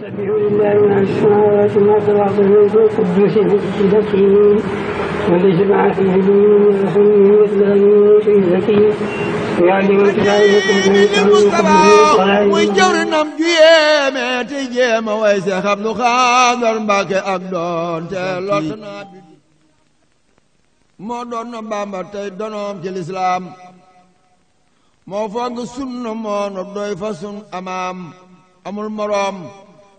سبحوا لله ما في السماوات وما في الأرض من قدوسه ذكي ولجمع في الدين رسول مثل غيره ذكي وجرنم جيما تجيما ويسا خبل خاضر باك أبدون تلوتنا moo doon na Bàmba tey donoom ci lislaam moo fonk sunna moo nu doy fa sun amaam amul moroom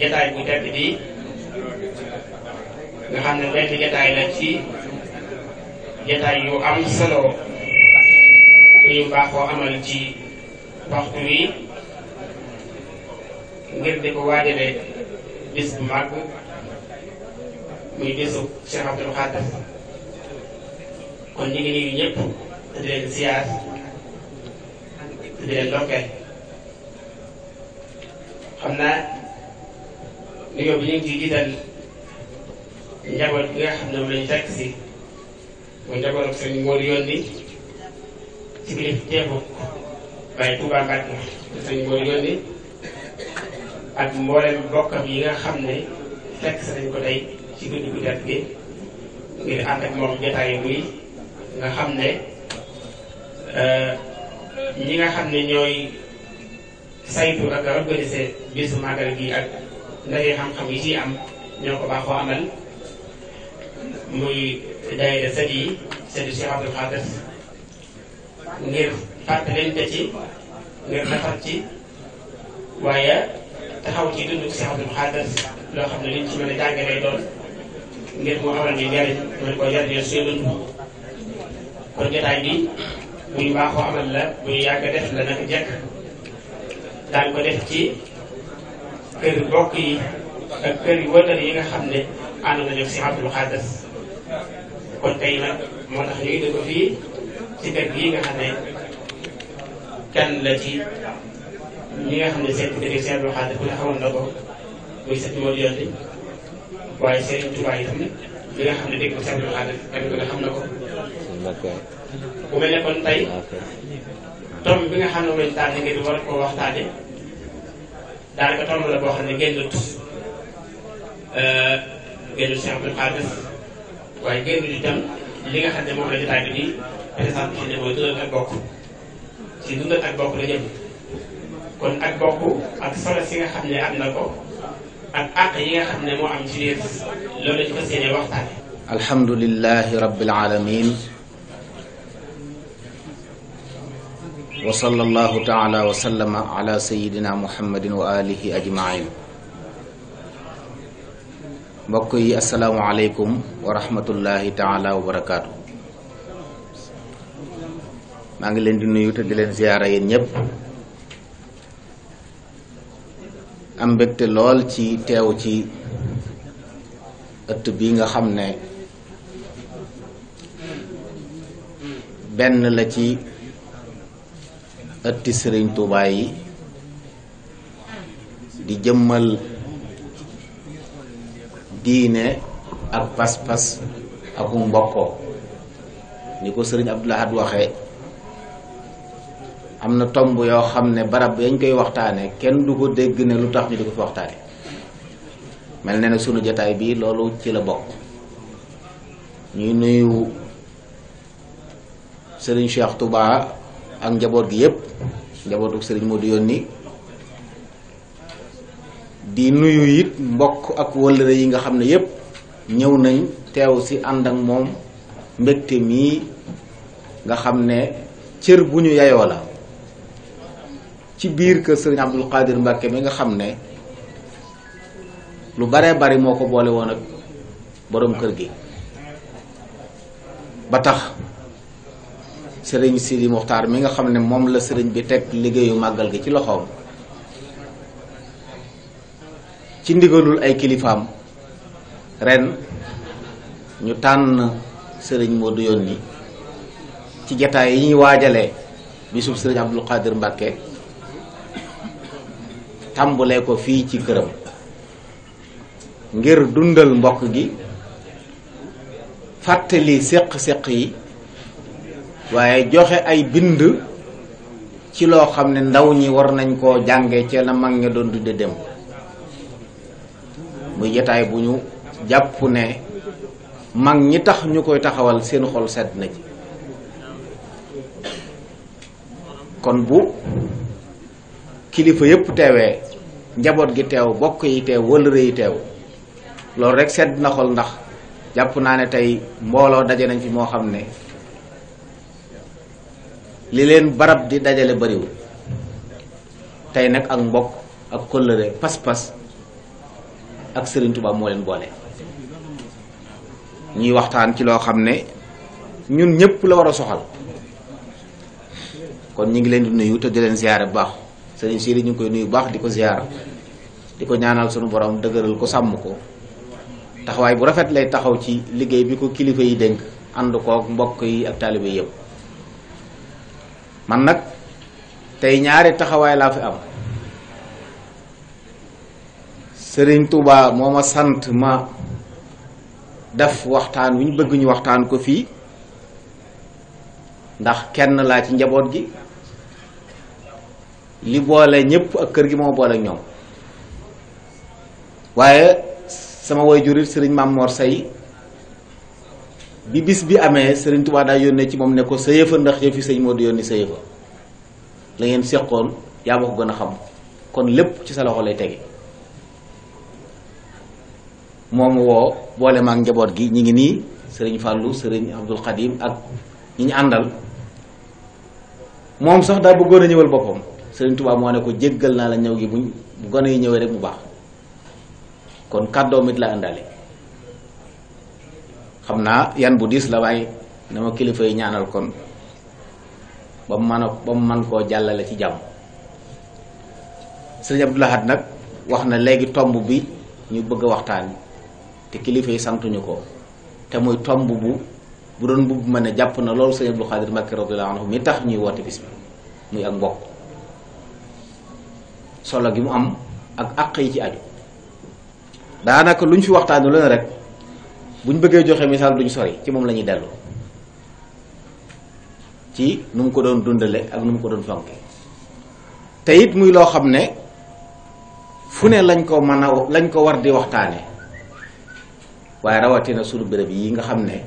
ay bu tedd bi nga xam ne benn jataay la ci jataay yu am solo yu baaxoo amal ci waxtu wi ngir di ko waajale bis bu màgg muy bisu Cheikh Abdoul Khadr kon ñu ngi nuyu ñëpp te di leen siyaar di leen ndokkeel xam naa nuyoo bi ñu ngi ciy jiital njaboot nga xam ne moom lañ fekk si muy njaboot ak sëñ Mor yónni ci biir teefu waaye Touba Mbacke sëñ Mor yónni ak mboolem bokkam yi nga xam ne fekk nañ ko tey ci guddi gu jot gi ngir ànd ak moom jotaay muy nga xam ne euh, ñi nga xam ne ñooy saytu ak organiser bisu màggal gi ak. ndaje xam-xam yi ci am ñoo ko baaxoo amal muy daayira sët yi sëti Cheikh Abdou Khadr ngir fàttalante ci ngir defar ci waaye taxaw ci dund Cheikh Abdou Khadr loo xam ne liñ ci mën a jàngalee doon ngir mu amal ni njariñ mën koo jariñoo suñu dund kon jotaay bi buñ baaxoo amal la buñ yàgg def la naka jekk daan ko def ci kër mbokk yi kër yu wëllëre yi nga xam ne ànd nañu si Abdul Xaadir kon tey moo tax ñu ngi ko fii ci kër gii nga xam ne kenn la ci ñi nga xam ne seen dëkk ko muy sëñ Modou Yonte waaye li nga xam ne dëkk ku ne na ko. bu kon tey tomb bi nga xam ne moom lañ tànn ngir war koo waxtaanee. daanaka tomb la boo xam ne génnut euh, génnut Cheikh Abdou Khadre waaye génnut itam li nga xam ne moom la jotaay bi di présenté ne mooy dundal ak bokk ci dundal ak bokk la jëm kon ak bokk ak solo si nga xam ne am na ko ak àq yi nga xam ne moo am ci biir loolu la ñu fas yéene waxtaane alhamdulilahi rabbil alamin wa sallallahu taala wa sallama ala sayidina muhammadin wa alihi ajmain mbokk yi asalaamu aleykum wa rahmatullahi taala wa barakaatu maa ngi leen di nuyu te di leen ziyaara yéen ñépp am mbégte lool ci teew ci ëtt bi nga xam ne benn la ci ëtti sëriñ Tuubaa yi di jëmmal diine ak pas-pas ak mbokkoo ni ko sëriñ Abdul Ahad am na tomb yoo xam ne barab yañ koy waxtaane kenn du ko dégg ne lu tax ñu di ko fi waxtaane mel ne na sunu jataay bi loolu ci la bokk ñuy nuyu sëriñ Cheikh Touba ak njaboot gi yépp njabootu sëriñ moo Modou yónni di nuyu it mbokk ak wëllëre yi nga xam ne yépp ñëw nañ teewu ci ànd ak moom mbégte mii nga xam ne cër bu ñu yayoo la ci biir kër sëriñ Abdul Qadir Mbàkke mi nga xam ne lu baree bari moo ko boole woon ak boroom kër gi ba tax sëriñ Sidi Muxtaar mi nga xam ne moom la sëriñ bi teg liggéeyu màggal gi ci loxoom ci ndigalul ay kilifaam ren ñu tànn sëriñ Modou yi ci jataay yi ñuy waajalee bisub sëriñ Abdul Qadir Mbàkke tàmbulee ko fii ci këram ngir dundal mbokk gi fàttali séq-séq yi waaye joxe ay bind ci loo xam ne ndaw ñi war nañ koo jànge ci la mag ña doon dunde dem muy jataay bu ñu jàpp ne mag ñi tax ñu koy taxawal seen xol sedd na ci kon bu kilifa yépp teewee njaboot gi teew bokk yi teew wëllëre yi teew loolu rek sedd na xol ndax jàpp naa ne tey mbooloo daje nañ fi moo xam ne li leen barab di dajale bariwul tey nag ak mbokk ak kóllëre pas-pas ak sëriñ Touba moo leen boole. ñuy waxtaan ci loo xam ne ñun ñëpp la war a soxal kon ñu ngi leen di nuyu te di leen ziyaare bu baax Serigne Sidi ñu ngi koy nuyu baax di ko ziyaara di ko ñaanal sunu borom dëgëral ko sàmm ko taxawaay bu rafet lay taxaw ci liggéey bi ko kilifa yi dénk ànd koog mbokk yi ak taalibe yëpp. man nag tey ñaari taxawaay laa fi am sëriñ tubaa moo ma sant ma def waxtaan wi ñu bëgg ñu waxtaan ko fii ndax kenn laa ci njaboot gi li boole ñépp ak kër gi moo boole ñoom waaye sama way jurit sëriñ Maam Mor Seye bi bis bi amee Serigne Touba daa yónnee ci moom ne ko sa yëfa ndax yëfi sëñ moo di yónni sa yëfa la ngeen seqoon yaa ko gën a xam kon lépp ci sa loxo lay tege moom woo boole maag njaboot gi ñu ngi nii sëriñ Fallou sëriñ Abdul Xadim ak ñi ñu àndal moom sax daa bëggoon a ñëwal boppam Sëriñ Touba moo ne ko jéggal naa la ñëw gi mu gone yi ñëwee rek bu baax kon kàddoom it la àndaale xam naa yan bu diis la waaye na ma kilifa yi ñaanal kon ba mu mën ba mu mën koo jàllale ci jàmm sëriñ Abdou Lahad nag wax na léegi tomb bi ñu bëgg a waxtaan te kilifa yi santuñu ko te muy tomb bu bu doon mbubb ma ne jàpp na loolu sëriñ Abdou Khadir Mbacké radiyallahu anhu mi tax ñuy woote bis bi muy ak mbokk solo gi mu am ak àq yi ci aju daanaka lu ñu fi waxtaanu lu ne rek bu ñu bëggee joxe misaal duñ sori ci moom lañuy ñuy dellu ci nu mu ko doon dundale ak nu mu ko doon fonke te it muy loo xam ne fu ne lañ ko mën a lañ ko war di waxtaane waaye rawatina sunu bërëb yi nga xam ne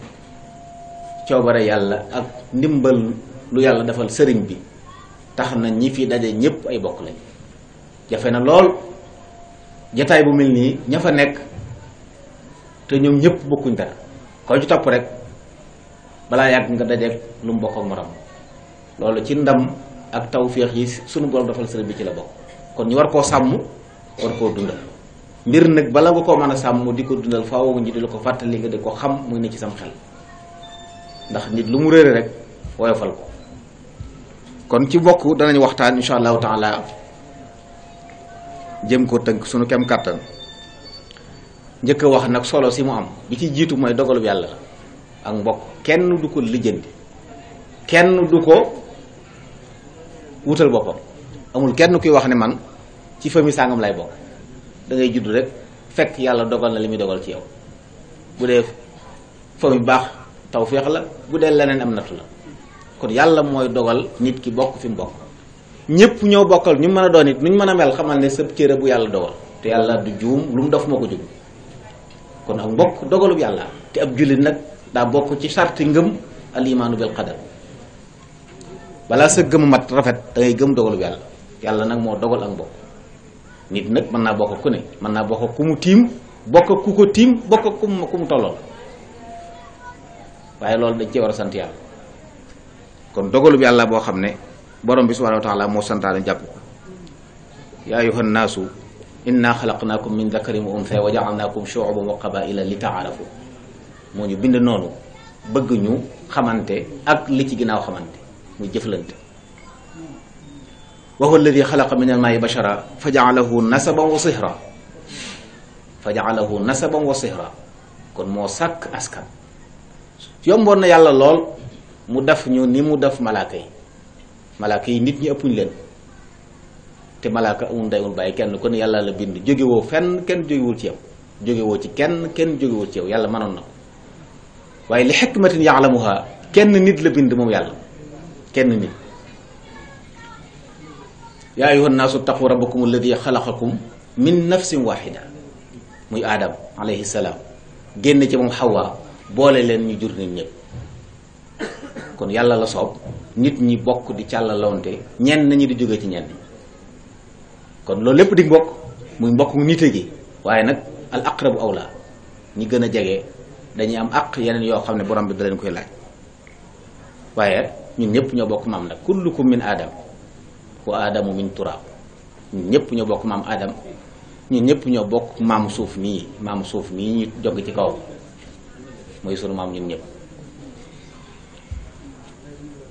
coobare yàlla ak ndimbal lu yàlla defal sëriñ bi tax na ñi fi daje ñëpp ay bokk lañ jafe na lool jataay bu mel nii ña fa nekk te ñoom ñëpp bokkuñ dara koo ci topp rek balaa yàgg nga dajeeg lu mu bokk ak morom loolu ci ndam ak tawféex yi sunu borom defal sëriñ bi ci la bokk kon ñu war koo sàmm war koo dundal mbir nag balaa nga koo mën a sàmm di ko dundal faaw nga ñu di la ko fàttali nga di ko xam muy ne ci sam xel ndax nit lu mu réere rek woyofal ko kon ci bokk danañu waxtaan incha allahu taala jëm ko tënk sunu kem kàttan njëkk a wax nag solo si mu am bi ci jiitu mooy dogalub yàlla la ak mbokk kenn du ko lijjanti kenn du ko wutal boppam amul kenn kuy wax ne man ci famille sàngam lay bokk da ngay judd rek fekk yàlla dogal na li muy dogal ci yow bu dee famille baax tawféex la bu dee leneen am nattu la kon yàlla mooy dogal nit ki bokk fi mu bokk ñëpp ñoo bokkal ñu mën a doon it nu ñu mën a mel xamal ne sëb cëre bu yàlla dogal te yàlla du juum lu mu def moo ko jug kon ak mbokk dogalub yàlla te ab jullit nag daa bokk ci sarti ngëm al imaanu bil qadar balaa sa gëm mat rafet da ngay gëm dogalub yàlla yàlla nag moo dogal ak mbokk nit nag mën naa bokk ku mën naa bokk ku mu tiim bokk ku ko tiim bokk ku ku mu tollool waaye loolu dañ cee war a sant yàlla kon dogalub yàlla boo xam ne borom bi subhanahu moo santaane jàpp ko yaa ayuha naasu inna xalaqnaakum min dakarin wa untha wa jaalnaakum shuuban wa qabaila li taarafu moo ñu bind noonu bëgg ñu xamante ak li ci ginnaaw xamante muy jëflante wa huwa alladi xalaqa min al bashara fa jaalahu nasaban wa sihra fa jaalahu nasaban wa sihra kon moo sàkk askan yomboon na yàlla lool mu def ñu ni mu def malaaka yi malaaka yi nit ñi ëppuñ leen te malaaka amul ndey amul bàyyi kenn kon yàlla la bind jógewoo fenn kenn jógewul ci yow jógewoo ci kenn kenn jógewul ci yow yàlla manoon na waaye li xikmatin yaalamuha kenn nit la bind moom yàlla kenn nit yaa ayuha naasu taqu rabbakum alladi xalaqakum min nafsin waxida muy aadam alayhi salaam génn ci moom xawaa boole leen ñu jur nit ñëpp kon yàlla la soob nit ñi bokk di càllalonte ñenn ñi di jóge ci ñenn kon loolu lépp di mbokk muy mbokk mu gi waaye nag al aqrabu awla ñi gën a jege dañuy am aq yeneen yoo xam ne borom bi da leen koy laaj waaye ñun ñëpp ñoo bokk maam nag kullukum min aadam wa aadamu min turaab ñun ñëpp ñoo bokk maam aadam ñun ñëpp ñoo bokk maamu suuf mii maamu suuf mii ñu jog ci kaw mooy sunu maam ñun ñëpp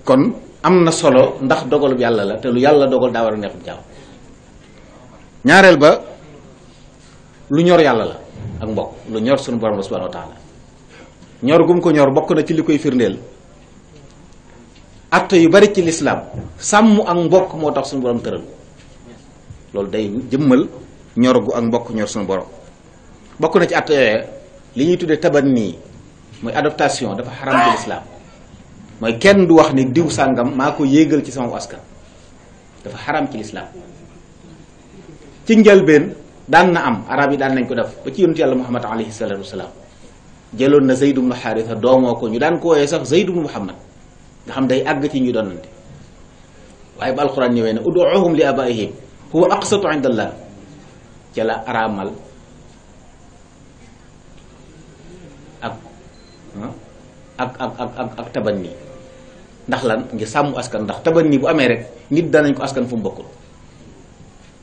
kon am na solo ndax dogalub yàlla la te lu yàlla dogal daa war a neexub jaam ñaareel ba lu ñor yàlla la ak mbokk lu ñor suñu borom la subhanahu wa ñor gum ko ñor bokk na ci li koy firndeel atte yu bari ci lislaam sàmm ak mbokk moo tax suñu borom tëral loolu day jëmmal ñor ak mbokk ñor suñu borom bokk na ci atte li ñuy tuddee taban nii mooy adaptation dafa xaram ci lislaam mooy kenn du wax ni diw sàngam maa ko yéegal ci sama askan dafa xaram ci lislaam ci njëlbeen daan na am arab yi daan nañ ko def ba ci yonent yàlla muhammad alayhi salaatu jëloon na zayd ibnu xaarisa doomoo ko ñu daan ko wooyee sax zayd ibnu muhammad nga xam day àgg ci ñu doonante waaye ba alxuraan ñëwee ne uduuhum li abaihim huwa aqsatu indallah la araamal ak ah, ak ak ndax lan ngir sàmm askan ndax tabanni bu amee rek nit danañ ko askan fu mu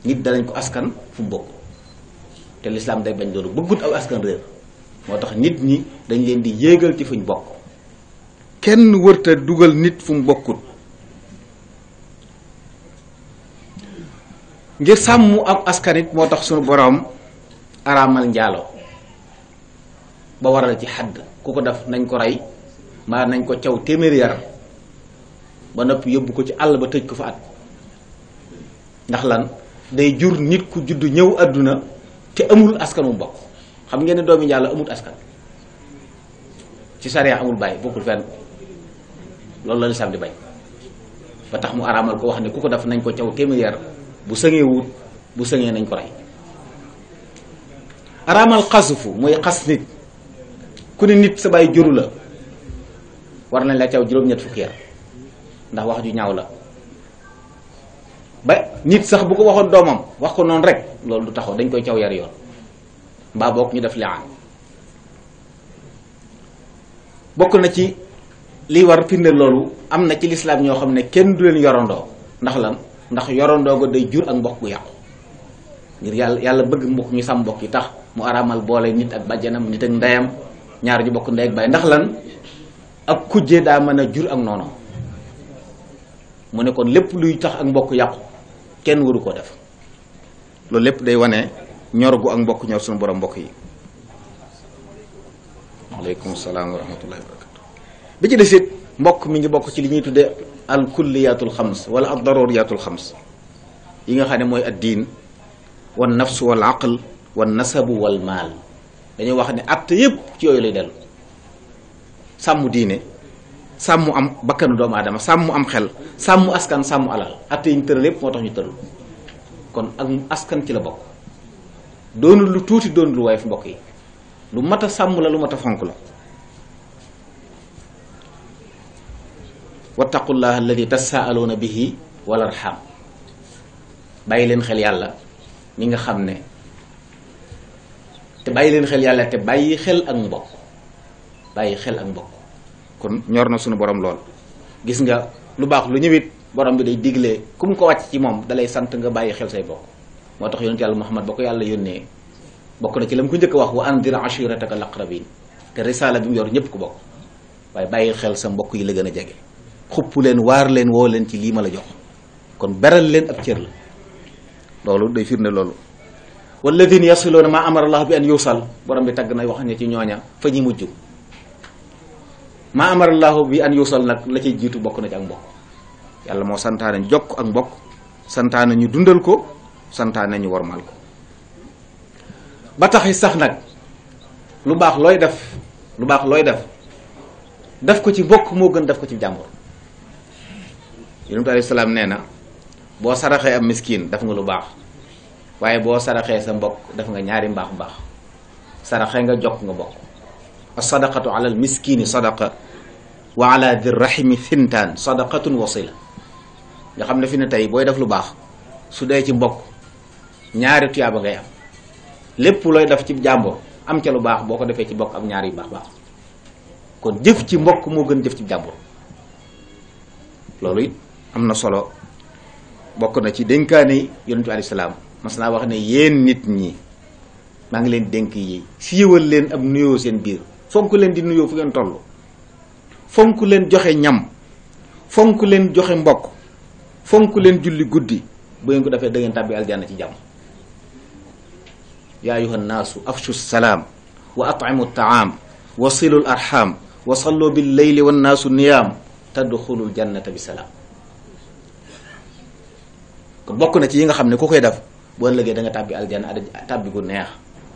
nit danañ ko askan fu bokk te lislaam day bañ loolu bëggut aw askan réer moo tax nit ñi dañ leen di yéegal ci fuñ bokk kenn wërta dugal nit fu mu bokkut ngir sàmm am askanit moo tax sunu boroom araamal njaaloo ba waral ci xadd ku ko def nañ ko rey mbaa nañ ko caw téeméeri yar ba nopp yóbbu ko ci àll ba tëj ko fa at ndax lan day jur nit ku juddu ñëw àdduna te amul askan wu bokk xam ngeen ne doomi Yàlla amul askan ci sariya amul bàyyi bokkul fenn loolu la lislaam di bañ ba tax mu araamal ko wax ne ku ko def nañ ko caw téeméer bu sëngee wut bu sëngee nañ ko rey araamal xasufu mooy xas nit ku ne nit sa bàyyi juru la war nañ la caw juróom-ñett fukki ndax wax ju ñaaw la ba nit sax bu ko waxoon doomam wax ko noonu rek loolu du taxaw dañ koy caw yar yoon mbaa boog ñu def liaan bokk na ci lii war firnde loolu am na ci lislaam ñoo xam ne kenn du leen yorandoo ndax lan ndax yorandoo ko day jur ak mbokk gu yàqu ngir yàlla yàlla bëgg mbokk ñu sam mbokk yi tax mu araamal boole nit ak bàjjanam nit ak ndeyam ñaar ñu bokk ndey ak baay ndax lan ak kujje daa mën a jur ak noonu mu ne kon lépp luy tax ak mbokk yàqu kenn waru koo def loolu lépp day wane ñor gu ak mbokk ñor suñu borom mbokk yi aleykum salaam wa barakatu bi ci des it mbokk mi ngi bokk ci li ñuy tudde al kulliyatul xams wala ad daruriyatul xams yi nga xam ne mooy ad diin wan nafsu wal aql wan nasabu wal maal dañuy wax ne atte yépp ci yooyu lay dellu sàmm diine sàmm am bakkanu doomu aadama sàmm am xel sàmm askan sàmm alal atte yi ñu tëral lépp moo tax ñu tëral kon ak askan ci la bokk doonul lu tuuti doonul lu woyof mbokk yi lu mat a sàmm la lu mat a fonk la di wattaqullaha alladi tasaaluuna bihi walla arham bàyyi leen xel yàlla mi nga xam ne te bàyyi leen xel yàlla te bàyyi xel ak mbokk bàyyi xel ak mbokk kon ñor na suñu borom lool gis nga lu baax lu ñëwit borom bi day diglee ku mu ko wàcc ci moom dalay sant nga bàyyi xel say bokk moo tax yonent yàlla Muhammad ba ko yàlla yónnee bokk na ci la mu ko njëkk wax wa andir ashirataka al-aqrabin te risaala bi mu yor ñëpp ko bokk waaye bàyyi xel sa mbokk yi la gën a jege xupp leen waar leen woo leen ci lii ma la jox kon beral leen ab cër la loolu day firnde loolu walladina yasiluuna ma amara allah bi an yusal borom bi tagg na wax ne ci ñooña fa ñi mujj maa amarallahu bi an yusal nag la cay jiitu bokk na ci ak mbokk yàlla moo santaane ñu jokk ak mbokk santaane ñu dundal ko santaane ñu wormal ko ba taxi sax nag lu baax looy def lu baax looy def daf ko ci mbokk moo gën daf ko ci jàmbur yonent alayhi salaam nee na boo saraxee am miskin daf nga lu baax waaye boo saraxee sa mbokk daf nga ñaari mbaax mbaax saraxee nga jokk nga bokk as sadaqatu alal miskini sadaqa wa ala di rahimi fintaan sadaqatun wasila nga xam ne fi ne tey booy def lu baax su dee ci mbokk ñaari tuyaaba ngay am lépp looy def ci jàmbur am ca lu baax boo ko defee ci mbokk am ñaari yu baax baax kon jëf ci mbokk moo gën jëf ci jàmbur loolu it am na solo bokk na ci dénkaane yonentu alayhi salaam mas naa wax ne yéen nit ñi maa ngi leen dénk yi siiwal leen ab nuyoo seen biir fonk leen di nuyoo fu ngeen toll fonk leen joxe ñam fonk leen joxe mbokk fonk leen julli guddi bu ngeen ko defee da ngeen tàbbi aljanna ci jàmm yaa ayuha nnaasu afshu salaam wa at'imu taam wa silu l arxam wa sallu bil leyli wa nnaasu niyaam tadxulul jannata bi salaam kon bokk na ci yi nga xam ne ku koy def boo ëllëgee da nga tàbbi aljanna tàbbi gu neex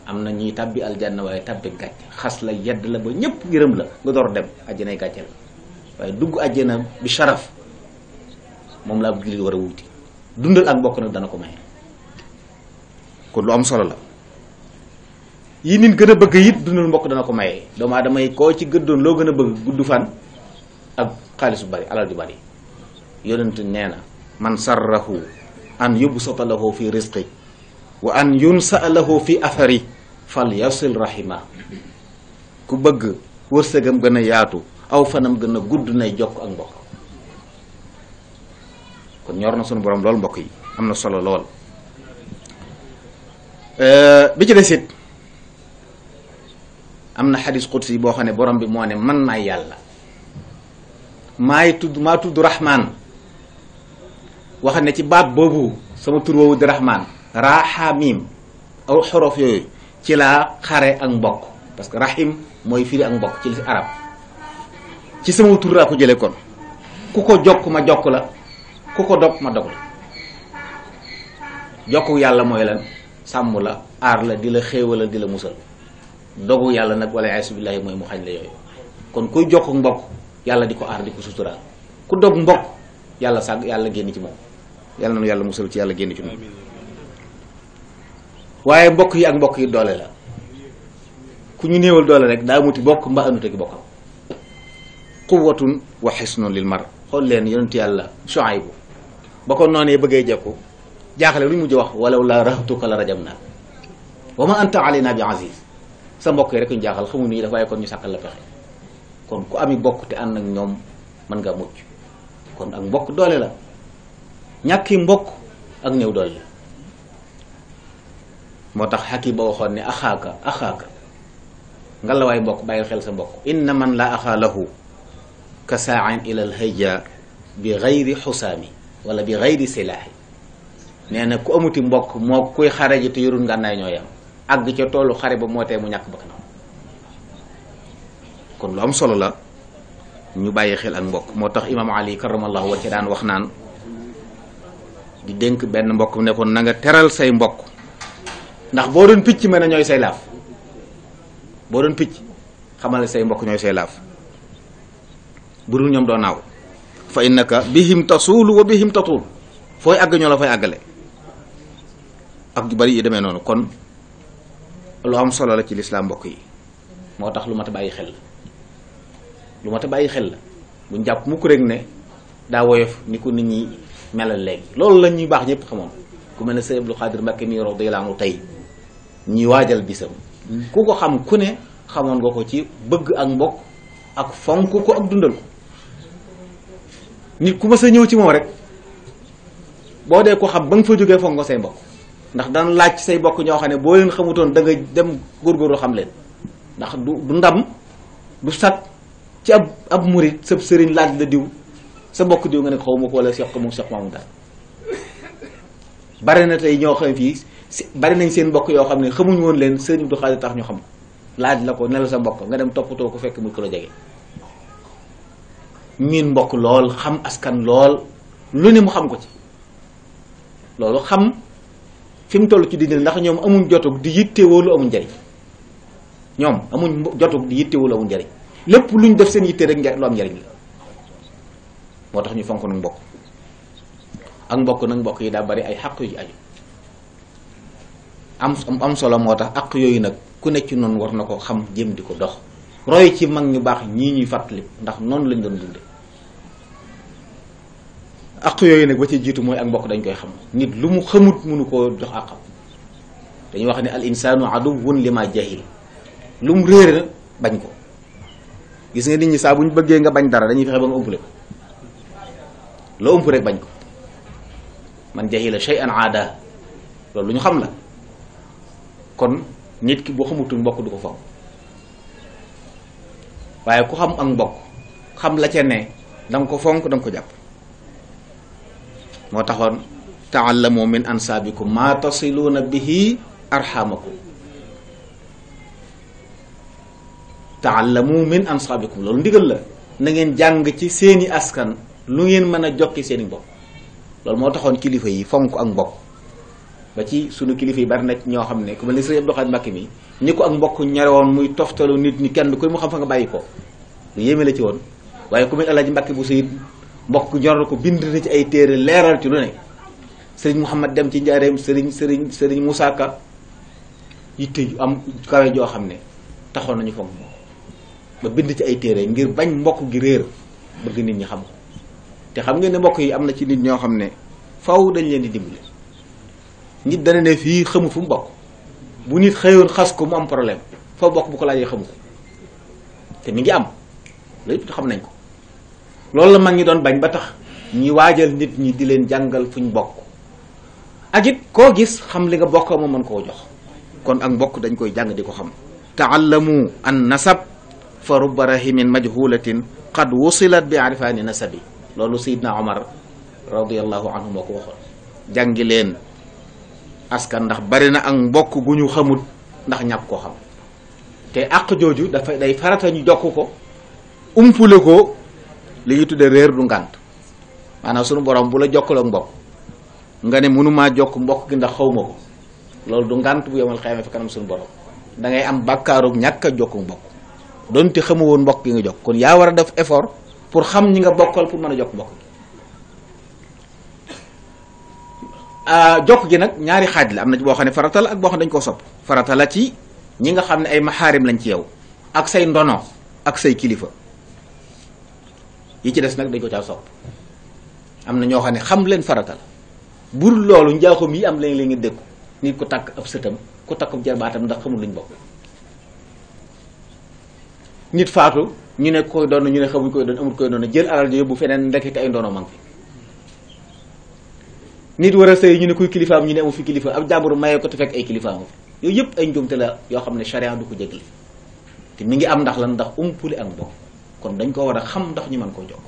am na ñuy tàbbi aljanna waaye tàbbi gàcce xas la yedd la ba ñëpp gërëm la nga door dem àjjanay gàcce waaye dugg àjjana bi sharaf moom la ab jullit war a wuti dundal ak mbokk nag dana ko maye kon lu am solo la yi nit gën a bëgg it dundal mbokk dana ko maye doomu aadama koo ci gëddoon loo gën a bëgg gudd fan ak xaalis bu bari alal ju bari yonent nee na man sarrahu an yubsata lahu fi rizqi wa an yunsa lahu fi athari fal yasil rahima ku bëgg wërsëgam gën a yaatu aw fanam gën a gudd nay jokk ak mbokk kon ñor na sunu borom lool mbokk yi am na solo lool euh, bi ci des am na xadis qudsi boo xam ne borom bi moo ne man maay yàlla maay tudd maa tudd rahmaan wax ne ci baat boobu sama tur woowu di rahmaan raxamim aw xorof yooyu ci laa xare ak mbokk parce que rahim mooy firi ak mbokk ci li si arab ci sama tur laa ko jëlee kon ku ko jokk ma jokk la ku ko dog ma dog la jokku yàlla mooy lan sàmm la aar la di la xéewalal di musal dogu yàlla nag wala asubillahi mooy mu xañ la yooyu kon kuy jokk mbokk yàlla di ko aar di ko suturaal ku dog mbokk yàlla sàgg yàlla génn ci moom yàlla na yàlla musal ci yàlla génn ci moom waaye mbokk yi ak mbokk yi doole la ku ñu néewal doole rek daa muti bokk mba anut ak bokkam quwwatun wa xisnun lil mar xool leen yàlla Shuayb ba ko noonee bëggee jekku jaaxle lu ñu mujj wax walaw la rahtuka la rajam naa wa ma anta alayna bi aziz sa mbokk rek ñu jaaxal xamu nii dafa kon ñu sàkkal la kon ku ami bokk te ànd ak ñoom mën nga mucc kon ak mbokk doole la ñàkki mbokk ak néew doole la moo tax xaki ba waxoon ni axaaka axaaka nga la waay mbokk bàyyi xel sa mbokk na man la axaa lahu ka saain ila bi gayri xusaami wala bi gayri silaahi nee na ku amuti mbokk moo kuy xare ji te yorul ngànnaay ñoo yam àgg ca toolu xare ba moo tee mu ñàkk bakkanam kon lu am solo la ñu bàyyi xel ak mbokk moo tax imaam ali karamallahu wacce daan wax naan di dénk benn mbokk ne ko na nga teral say mbokk ndax boo doon picc mën a ñooy say laaf boo doon picc xamal say mbokk ñooy say laaf bu dul ñoom doo naaw fa innaka bihim tasuulu wa bihim tatuul fooy àgg ñoo la fay àggale ak ju bari demee noonu kon lu am solo la ci lislaam mbokk yi moo tax lu mat a bàyyi xel lu mat a bàyyi xel la buñ jàpp mukk rek ne daa woyof ni ko nit ñi melal léegi loolu la ñuy baax ñëpp xamoon ku mel ne sëñ lu Khadir Mbacké mii radiyallahu anhu tey ñuy waajal bisam ku ko xam ku ne xamoon nga ko ci bëgg ak mbokk ak fonk ko ak dundal ko nit ku ma sa ñëw ci moom rek boo dee ko xam ba nga fa jógee fonk say mbokk ndax daan laaj say mbokk ñoo xam ne boo leen xamutoon da nga dem góorgóorlu xam leen ndax du du ndam du sat ci ab ab murit sa sëriñ laaj la diw sa mbokk diw nga ne xaw ma ko wala ko moom seq maamu daal bare na tey ñoo xam fii si bari nañ seen mbokk yoo xam ne xamuñ woon leen sëriñ Abdou Khadre tax ñu xam laaj la ko ne sa mbokk nga dem toppatoo ko fekk muy ko la jege miin mbokk lool xam askan lool lu ne mu xam ko ci loolu xam fi mu toll ci diine ndax ñoom amuñ jotug di yittewoo lu amul njariñ ñoom amuñ jotug di lu amul lépp luñ def seen yitte rek lu am njariñ la moo tax ñu fonk nag mbokk ak mbokk nag mbokk yi daa bari ay xàq yu ay am am solo moo tax ak yooyu nag ku nekk ci noonu war na ko xam jëm di ko dox roy ci mag ñu baax ñii ñuy fàttali ndax noonu lañ doon dunde ak yooyu nag ba ci jiitu mooy ak mbokk dañ koy xam nit lu mu xamut mënu koo jox àqam dañuy wax ne al insaanu aduwwun lima jahil lu mu réer bañ ko gis nga nit ñi saa bu ñu bëggee nga bañ dara dañuy fexe ba nga umpule ko loo ump rek bañ ko man jahila shay'an aada loolu ñu xam la kon nit ki boo xamutul mbokk du ko foog waaye ku xam ak mbokk xam la ca ne danga ko fonk danga ko jàpp moo taxoon taallamu min ansaabikum maa tasiluuna bihi arxamakum taallamu min ansaabikum loolu ndigal la na ngeen jàng ci seeni askan lu ngeen mën a jokki seeni mbokk loolu moo taxoon kilifa yi fonk ak mbokk ba ci sunu kilifa yi bari na ñoo xam ne ku ne ni sëriñ Abdou Khadre Mbacké mi ni ko ak mbokk ñarewoon muy toftalu nit ñi kenn koy mu xam fa nga bàyyi ko lu yéeme la ci woon waaye ku mel ni Alaaji bu sëyit mbokk ñor ko bind ci ay téere leeral ci lu ne sëriñ Mouhamad dem ci njaareem sëriñ sëriñ sëriñ Moussa Ka yitte yu am kawe joo xam ne taxoon nañu foog moom ba bind ci ay téere ngir bañ mbokk gi réer bëgg nit ñi xam ko te xam ngeen ne mbokk yi am na ci nit ñoo xam ne faw dañ leen di dimbali nit dana ne fii xamul fu mu bokk bu nit xëyoon xas ko mu am problème fa bokk bu ko laajee xamu ko te mi ngi am loolu yëpp xam nañ ko loolu la mag ñi doon bañ ba tax ñi waajal nit ñi di leen jàngal fu bokk ak it koo gis xam li nga bokk moo mën koo jox kon ak mbokk dañ koy jàng ko xam taallamu an nasab fa rubba rahimin majhulatin qad wusilat bi arifaani nasabi loolu sayidna omar radiallahu anhu moo ko waxoon jàngi leen askan ndax bari na ak mbokk gu ñu xamut ndax ñàkk koo xam te àq jooju dafa day farata ñu jokk ko umpule ko li ñu tudde réer du ngant maanaam sunu borom bu la jokkal ak mbokk nga ne mënumaa jokk mbokk gi ndax xawma ko loolu du ngant bu yomal xayma fi kanam sunu borom da ngay am bàkkaarug ñàkk a jokk mbokk donte xamu woon mbokk gi nga jokk kon yaa war a def effort pour xam ñi nga bokkal pour mën a jokk mbokk Euh, jokk gi nag ñaari xaaj la am na ci boo xam ne faratal ak boo xam ne dañu koo sopp farata la ci ñi nga xam ne ay maxaarim lañ ci yow ak say ndono ak say kilifa yi ci des nag dañ ko caa sopp am na ñoo xam ne xam leen farata la loolu njaaxum yi am lañ leen ngi dëkku nit ku takk ab ku takkub jarbaatam ndax xamul luñ bokk nit faatu ñu ne koy doon ñu ne xamuñ koy doon amul koy doon jël alal ji yóbbu feneen ndekete ay ndono ma ngi nit war a sëy ñu ne kuy kilifaam ñu ne amu fi kilifa ab jàmbur mayee ko yooyu yëpp ay njuumte la yoo xam ne charia du ko jégle te mi ngi am ndax lan ndax umpuli ak mbokk kon dañ koo war a xam ndax ñu man koo jokk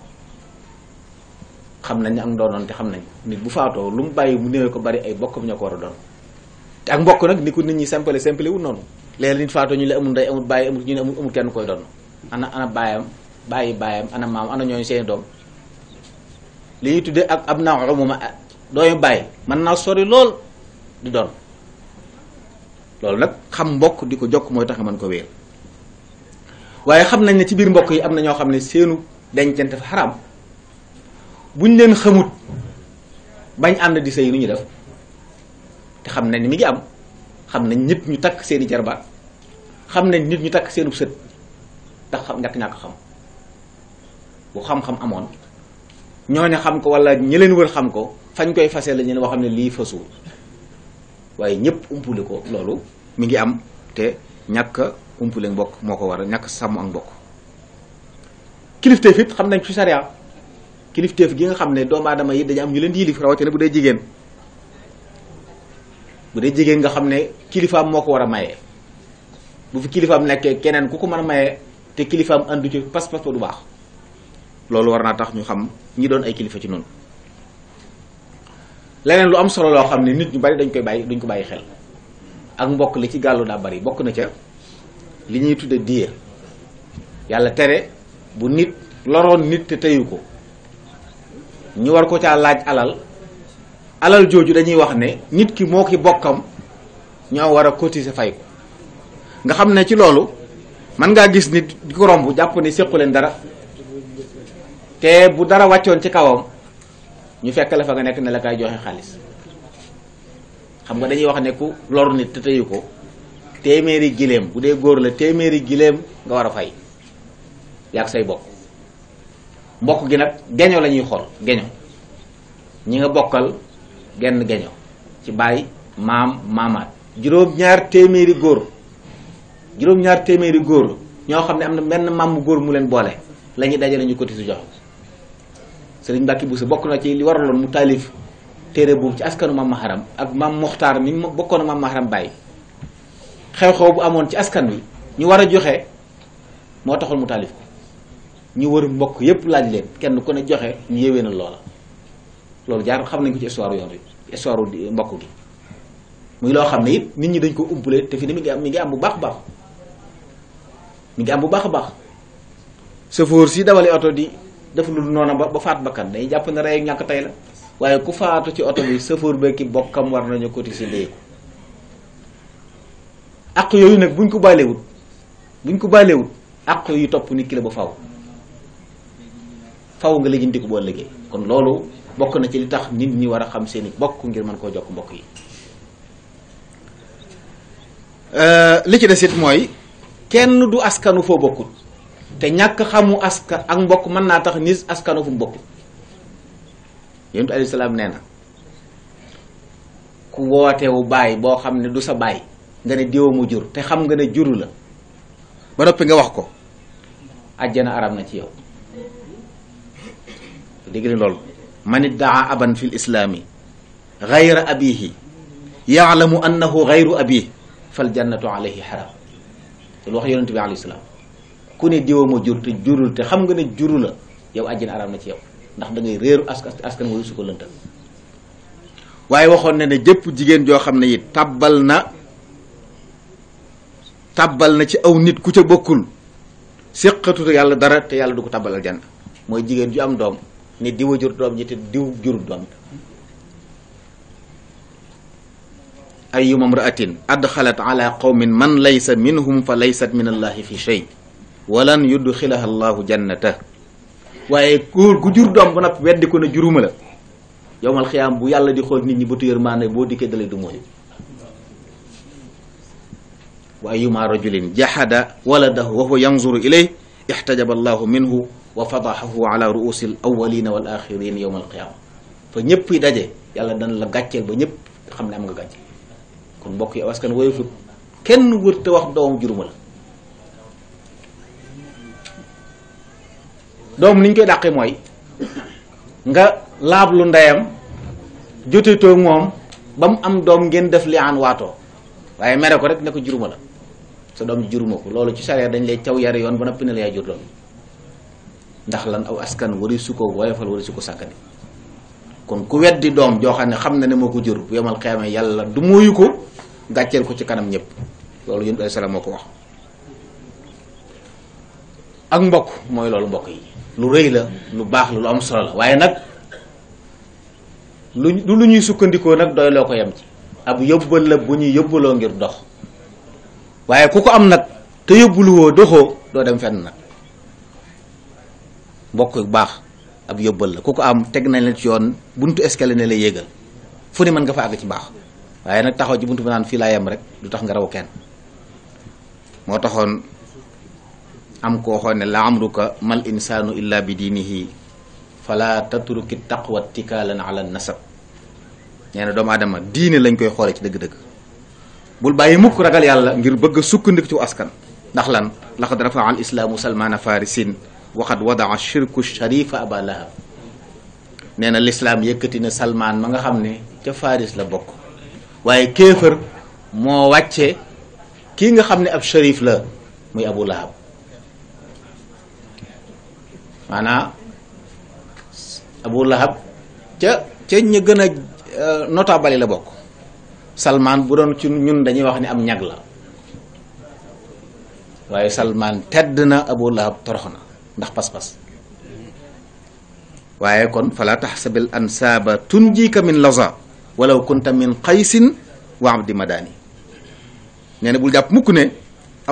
xam nañ ne ak te xam nañ nit bu faatoo lu mu bàyyi mu néewee ko bari ay bokkam ñoo ko war a doon ak mbokk nag ni ko nit ñi simple simple wu noonu léeg nit faatoo ñu le amul ndey amul bàyyi amul ñu ne amul kenn koy doon ana ana baayam bàyyi baayam ana maam ana ñooñu seen doom li ñuy tuddee ak ab naa umuma dooyu bàyyi mën naa sori lool di doon loolu nag xam mbokk di ko jokk mooy tax mën ko wéer waaye xam nañ ne ci biir mbokk yi am na ñoo xam ne seenu dencante fa xaram buñ leen xamut bañ ànd di sëy nu ñu def te xam nañ ni mi ngi am xam nañ nit ñu takk seeni jarbaat xam nañ nit ñu takk seenu sët ndax xam ñàkk ñàkk xam bu xam-xam amoon ne xam ko wala ñi leen wër xam ko fañ koy fase la ñu ne boo xam ne lii fasuwul waaye ñëpp umpule ko loolu mi ngi am te ñàkk umpule mbokk moo ko war a ñàkk sàmm ak mbokk kilifteef it xam nañ ci sariya kilifteef gi nga xam ne doomu aadama yi dañu am ñu leen yilif rawatina bu dee jigéen bu dee jigéen nga xam ne kilifaam moo ko war a maye bu fi kilifaam nekkee keneen ku ko mën a maye te kilifaam andu ci pas-pas du baax loolu war naa tax ñu xam ñi doon ay kilifa ci noonu leneen lu am solo loo xam ne nit ñu bari dañ koy bàyyi duñ ko bàyyi xel ak mbokk li ci gàll daa bari bokk na ca li ñuy tudde diir yàlla tere bu nit loroon nit te teyu ko ñu war ko caa laaj alal alal jooju dañuy wax ne nit ki moo ki bokkam ñoo war a cotiser fay ko nga xam ne ci loolu mën ngaa gis nit di ko romb jàpp ne séqu leen dara te bu dara wàccoon ci kawam ñu fekk la fa nga nekk ne la kaay joxe xaalis xam nga dañuy wax ne ku lor nit te teyu ko téeméeri giléem bu dee góor la téeméeri giléem nga war a fay yàgg say bokk mbokk gi nag geño la ñuy xool geño ñi nga bokkal genn geño ci baay maam maamaat juróom-ñaar téeméeri góor juróom-ñaar téeméeri góor ñoo xam ne am na benn maam mu góor mu leen boole la ñuy dajale ñu cotiser joxe sëriñ Mbacke si bokk na ci li waraloon mu taalif téere boobu ci askanu maam Maharam ak maam Moxtaar mi mu bokkoon maam Maharam bàyyi xew-xew bu amoon ci askan wi ñu war a joxe moo taxul mu taalif ko ñu wër mbokk yépp laaj leen kenn ku ne joxe ñu yéwee na loola loolu jaar xam nañ ko ci histoire yoon wi histoire mbokk gi muy loo xam ne it nit ñi dañ ko umpale te fi ne mi ngi am mi ngi am bu baax baax mi ngi am bu baax a baax chauffeur si dawali oto di def lu noona ba ba faat bakkan dañuy jàpp ne rey ñàkk tey la waaye ku faatu ci oto bi sëfoor bee ki bokkam war nañu si léegi àq yooyu nag buñ ko baalewut buñ ko baalewut àq yu topp nit ki la ba faw faw nga lijjanti ko boo liggéey kon loolu bokk na ci li tax nit ñi war a xam seeni bokk ngir mën koo jokk mbokk yi euh, li ci des it mooy kenn du askanu foo bokkut te ñàkk xamu askan ak mbokk mën naa tax nit askano fu mu bokk yontu alayhi salaam nee na ku wootewu baay boo xam ne du sa baay nga ne diwa mu jur te xam nga ne juru la ba noppi nga wax ko ajjana aram na ci yow dégg nga loolu man iddaa aban fi l islaami gayra abihi yaalamu annahu gayru abihi fal jannatu alayhi haram loolu wax yonente bi alayhi salaam ku ne diwa ma jur te jurul te xam nga ne juru la yow àjjana araam na ci yow ndax da ngay réeru askan askan wayu su ko lëntal waaye waxoon na ne jëpp jigéen joo xam ne it tàbbal na tàbbal na ci aw nit ku ca bokkul séqatu yàlla dara te yàlla du ko tàbbal aljanna mooy jigéen ju am doom ne diwa jur doom ji te diw jurul doom ayyuma imra'atin adxalat ala qawmin man laysa minhum fa laysat min allahi fi shay walan yudxilaha allahu jannata waaye gu jur doom ba noppi weddi ko juruma la yowmal xiyaam bu yàlla di xool nit ñi bëtu yërmaande boo dikkee dalay du mooyu wa ayuma rajulin jahada waladahu wa huwa yanzuru ilay ixtajaba allahu minhu wa fadahahu ala ruusi al awalina wal axirin fa ñëpp yi daje yàlla dana la gàcceel ba ñëpp xam ne am nga gàcce kon mbokk yi askan woyofu kenn wër te wax doom juruma la doom ni koy dàqee mooy nga laab laablu ndeyam joteetoo moom ba mu am doom ngeen def li aan waatoo waaye mere ko rek ne ko juruma la sa doom juruma ko loolu ci sareer dañ lay caw yare yoon ba noppi ne la yaa jur doom ndax lan aw askan wari su ko woyofal wari su ko sàkkani kon ku weddi doom joo xam ne xam na ne moo ko jur bu yemal xeeme yàlla du mooyu ko gàcceel ko ci kanam ñëpp loolu yun alayhi salaam moo ko wax ak mbokk mooy loolu mbokk yi lu rëy la lu baax la lu am solo waaye nag lu lu ñuy sukkandikoo nag doy loo ko yem ci ab yóbbal la bu ñu yóbbaloo ngir dox waaye ku ko am nag te yóbbaluwoo doxoo doo dem fenn nag mbokk yu baax ab yóbbal la ku ko am teg nañ la ci yoon buntu escalier ne la yégal fu ne mën nga fa àgg ci baax waaye nag taxaw ci buntu bi naan fii laa yem rek du tax nga raw kenn moo taxoon am koo xoo ne la amruka mal insaanu illa bi diinihi fala tatruki taqwa tikaalan ala nasab nee na doomu aadama diine lañ koy xoole ci dëgg-dëgg bul bàyyi mukk ragal yàlla ngir bëgg a sukkandiku ci askan ndax lan laqad rafaa al islaamu salmaana farisin waxat wadaa shirku sharifa aba lahab nee na lislaam yëkkati na salmaan ma nga xam ne ca faris la bokk waaye kéefër moo wàcce ki nga xam ne ab sharif la muy abu lahab maanaam abu lahab ca ca ñu gën a euh, notable la bokk salmaan bu doon ci ñun dañuy wax ni am ñag la waaye salmaan tedd na abu lahab torox na ndax pas-pas waaye kon fala taxsabil ansaaba tunjika min laza walaw kunta tamit qaysin wa abdi madani nee na bul jàpp mukk ne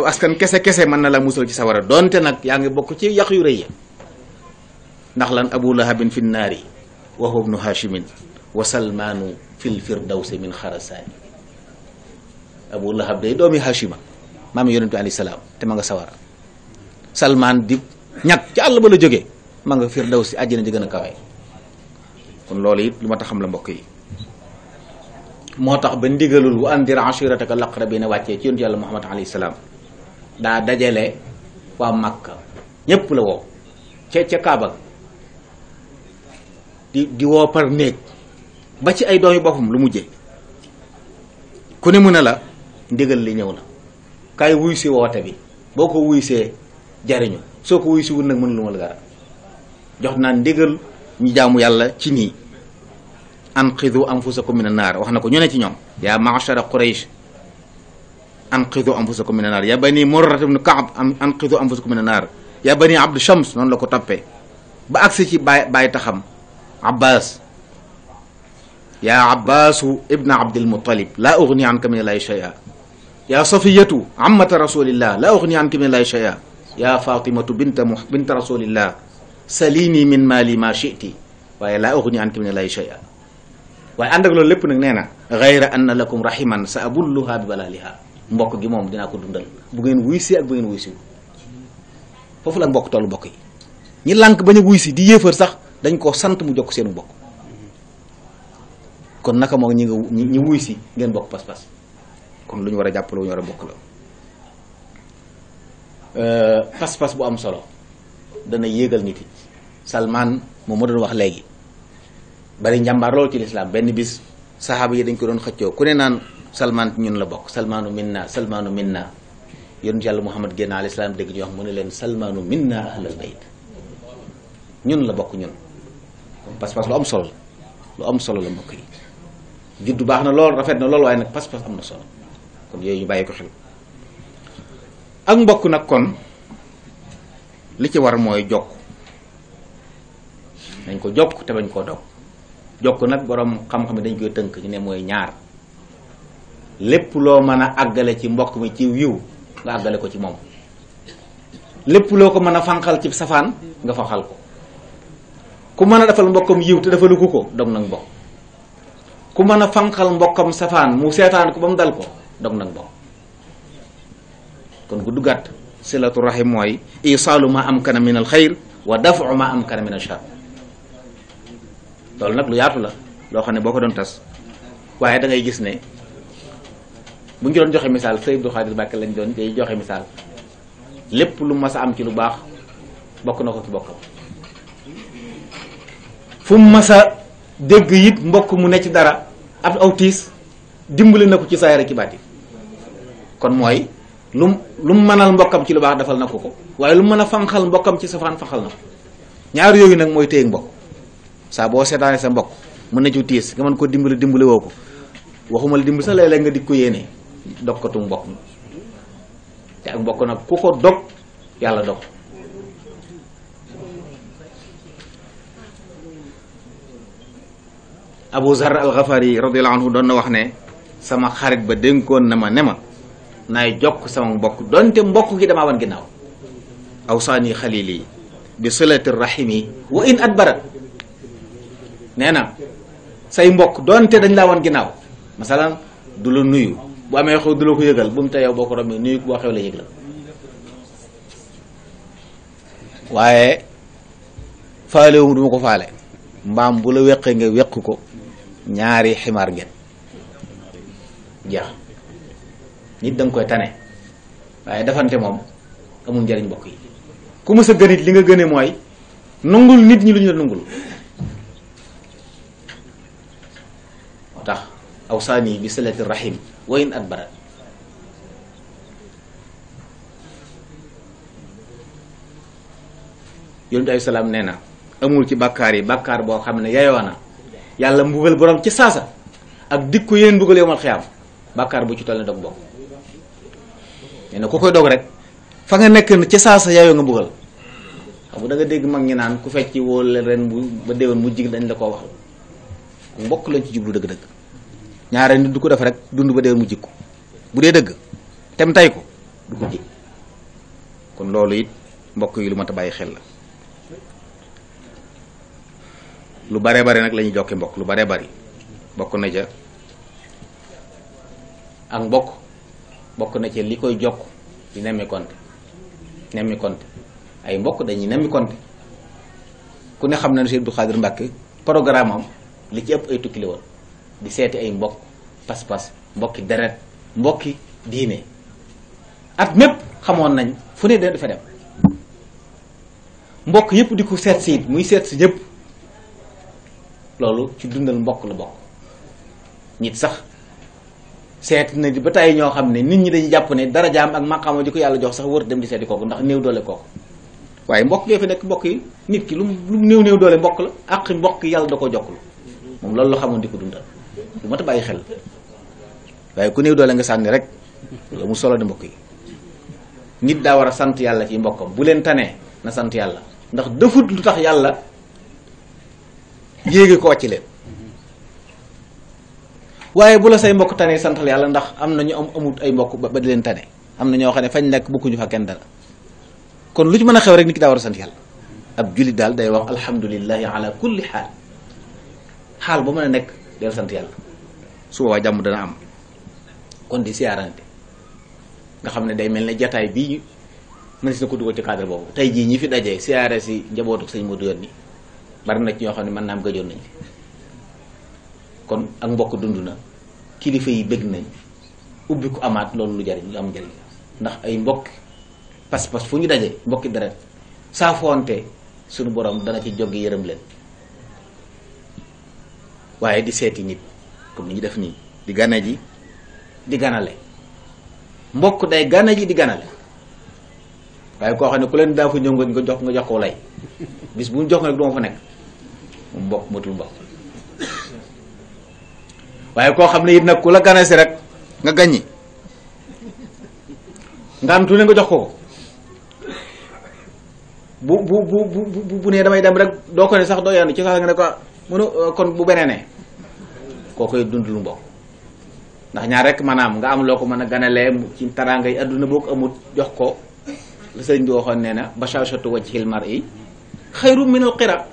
aw askan kese kese mën na la musal ci sawara donte nag yaa ngi bokk ci yàq yu rëy ya ndax lan abu lahabin fi naari wa huwa ibnu hashimin wa salmaanu fil firdawsi min xarasaani abu lahab day doomi hashima maami yonentu alayhi salaam te ma nga sawara salmaan di ñag ci àll ba la jóge ma nga firdawsi àjjana ji gën a kawe kon loolu it lu ma tax xam la mbokk yi moo tax ba ndigalul wa andir ashirataka laqrabina wàccee ci yonentu yàlla muhammad alayhi salaam daa dajale waa makka ñépp la woo ca ca kaaba di di woo par néeg ba ci ay doomi boppam lu mujjee ku ne mën a la ndigal li ñëw na kaay wuyu si woote bi boo ko wuy see jariñu soo ko wuy si wul nag mën lu ma la dara jox naa ndigal ñu jaamu yàlla ci nii anqidu anfusakum mina naar wax na ko ñu ne ci ñoom yaa ma'shara quraysh anqidu anfusakum mina naar yaa nii murrat ibn kaab anqidu anfusakum mina naar yaa abdu shams noonu la ko toppee ba agsi ci baay baay taxam عباس يا عباس ابن عبد المطلب لا أغني عنك من الله شيئا يا صفية عمة رسول الله لا أغني عنك من الله شيئا يا فاطمة بنت مح بنت رسول الله سليني من مالي ما شئت waaye laa uxni anka mina lay shay'a waaye ànd ak loolu lépp nag nee na xayra anna lakum rahiman sa abulluha bi balaliha mbokk gi moom dinaa ko dundal bu ngeen wuy si ak bu ngeen wuy si foofu la mbokk tollu mbokk yi ñi lànk bañ a wuy si di yéefar sax dañ koo sant mu jokk seenu bokk kon naka moo ñi nga ñi wuy ngeen bokk pas-pas kon lu ñu war a jàppale lu ñu war a bokk la euh, pas-pas bu am solo dana yéegal nit yi Salman moom moo doon wax léegi bari njàmbaar loolu ci lislaam benn bis saxaaba yi dañ ko doon xëccoo ku ne naan Salman ñun la bokk Salmanu minna Salmanu minna yonent yàlla Muhammad génn alayhi salaam dégg ñu wax mu ne leen Salmanu minna ahlal bayt ñun la bokk ñun pas-pas lu am solo la lu am solo la mbokk yi juddu baax na lool rafet na lool waaye nag pas-pas am na solo kon yooyu ñu bàyyi ko xel ak mbokk nag kon li ci war mooy jokk dañ ko jokk te bañ koo daw jokk nag boroom xam-xam yi dañ koy tënk ñu ne mooy ñaar lépp loo mën a àggale ci mbokk mi ci yiw nga àggale ko ci moom lépp loo ko mën a fanqal ci safaan nga faxal ko ku mën a defal mbokkam yiw te defalu ko ko dog nag mbokk ku mën a fanqal mbokkam safaan mu seetaan ko ba mu dal ko dog nag mbokk kon gudd gàtt silatu rahim mooy isaalu ma am kana min al wa dafu am kana min loolu nag lu yaatu la loo xam ne boo ko doon tas waaye da gis ne bu ñu doon joxe misaal sëy Abdou Khadir Mbàkke lañ doon day joxe misaal lépp lu mas a am ci lu baax bokk na ko ci bokkam fu masa mas dégg it mbokk mu ne ci dara ab aw tiis dimbali na ko ci saayar ci baati kon mooy lu lu mu mënal mbokkam ci lu baax defal na ko ko waaye lu mu mën a fanqal mbokkam ci safaan fanqal na ko ñaar yooyu nag mooy téye mbokk saa boo seetaanee sa mbokk mën na ci tiis nga mën koo dimbali dimbali woo ko waxumal dimbali sa léeg-léeg nga di ko yéene dog ko tu mbokk te ak mbokk nag ku ko dog yàlla dog Abu Zar al-Ghafari radiyallahu anhu doon na wax ne sama xarit ba dénkoon na ma ne ma naay jokk sama mbokk donte mbokk gi damaa wan ginnaaw aw saani yi bi silati rahimi wa in adbara nee na say mbokk donte dañ laa wan ginnaaw masalan du la nuyu bu amee xew du la ko yëgal bu mu te boo ko romee nuyu boo xew la yëg la waaye faale wu duma ko faale mbaam bu la weqee nga weq ko ñaari ximaar ngeen jeex nit danga koy tane waaye dafante moom amul njariñ mbokk yi ku mës gën it li nga gëne mooy nungul nit ñi lu ñu la nungul moo tax aw saani bi salati rahim wayin at bara yonent ay salaam nee na amul ci bàkkaar yi bàkkaar boo xam ne yayoo yàlla mbugal borom ci saasa ak dikk ko yéen mbugal yomal xiyaam bàkkaar bu ci toll ne dog dog nee ku koy dog rek fa nga nekk ci saasa yaayoo nga mbugal xam nga da dégg mag ngi naan ku fecc woo la ren bu ba déwén mu jig dañ la koo wax mbokk lañ ci jublu dëgg-dëgg ñaare nit du ko def rek dund ba déwén mu jig ko bu dee dëgg tem tay ko du ko jig kon loolu it mbokk yi lu mat a bàyyi xel la lu baree bari nag la ñuy jokki mbokk lu baree bari bokk na ca ak mbokk bokk na ca li koy jokk di nemmi konte nemmi konte ay mbokk dañuy nemmi konte ku ne xam na ne Sëriñ Abdou Khadre Mbacké programme am li ci ëpp ay tukki la woon di seeti ay mbokk pas-pas mbokki deret mbokki diine at mépp xamoon nañ fu ne dafa dem mbokk yëpp di ku seet siit muy seet si ñëpp loolu ci dundal mbokk la bokk nit sax seet na ba tey ñoo xam ne nit ñi dañuy jàpp ne dara jaam ak maqaama di ko yàlla jox sax wër dem di seeti kooku ndax néew doole kooku waaye mbokk gee fi nekk mbokk yi nit lu lu néew néew doole mbokk la ak mbokk yàlla da ko jokklu moom loolu la xamoon di ko dundal lu bàyyi xel waaye ku néew doole nga sànni rek mu solo di mbokk yi nit daa war a sant yàlla ci mbokkam bu leen tanee na sant yàlla ndax defut lu tax yàlla yéegi ko wàcc leen waaye bu la say mbokk tane santal yàlla ndax am na ñu am amut ay mbokk ba di leen tane am na ñoo xam ne fañ nekk bokkuñu fa kenn kon lu ci mën a xew rek nit ki daa war a daal day wax alhamdulilahi ala kulli xaal xaal ba mën a nekk del sant yàlla su dana am kon di siyaarante nga xam ne day mel ne jataay bii mën si na ko dugal ci cadre boobu tey jii ñi fi dajee siyaare si njabootu sëñ Modou Yonni bari na ci ñoo xam ne mën naam gëjoon nañ kon ak mbokk dund na kilifa yi bëgg nañ ubbi ku amaat loolu lu jariñ lu am jariñ ndax ay mbokk pas-pas fu ñu daje mbokki deret saafoonte suñu borom dana ci jóg yërëm leen waaye di seeti nit comme ni ñu def nii di gane ji di ganale mbokk day gane ji di ganale waaye koo xam ne ku leen daa fa ñëw nga jox nga jox ko lay bis bu ñu jox rek du ma fa nekk mu mbokk matul mbokk waaye koo xam ne it nag ku la ganasi rek nga gaññi nga am tuuti nga jox ko ko bu bu bu bu bu nee damay dem rek doo ko ne sax doo yenn ci sax nga ne ko mënu euh, kon bu beneenee koo koy dund lu mbokk ndax ñaar rek manaam nga am loo ko mën a ganalee ci taraanga yi adduna boo ko amut jox ko la sëriñ bi nee na bashashatu wajhil mar'i xayru minal qira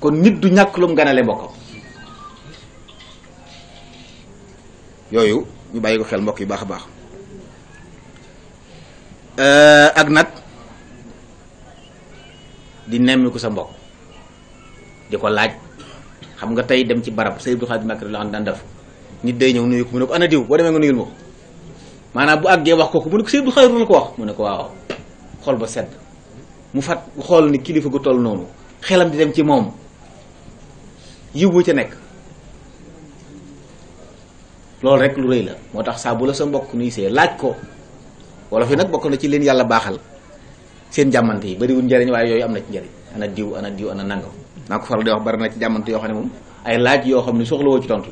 kon nit du ñàkk lu mu ganale bokkam yooyu ñu bàyyi ko xel mbokk yu baax a baax euh, ak nag di nemmiku sa mbokk di ko laaj xam nga tey dem ci barab Sëriñ Abdou Khadre Mbacké la daan def nit day ñëw nuyu ko mu ne ko ana boo demee nga nuyul ma ko bu àggee wax ko ko mu ne ko Sëriñ Abdou Khadre la ko wax mu ne ko waaw xol ba sedd mu fat xool ni kilifa gu toll noonu xelam di dem ci moom yiw bu ca nekk loolu rek lu rëy la moo tax saabu la sa mbokk nuy see laaj ko wala fi nag bokk na ci leen yàlla baaxal seen jàmmante yi bariwul njariñ waaye yooyu am na ci njariñ ana diw ana diw ana nangam naa ko faral di wax bari na ci jàmmante yoo xam ne moom ay laaj yoo xam ne soxlawoo ci tontu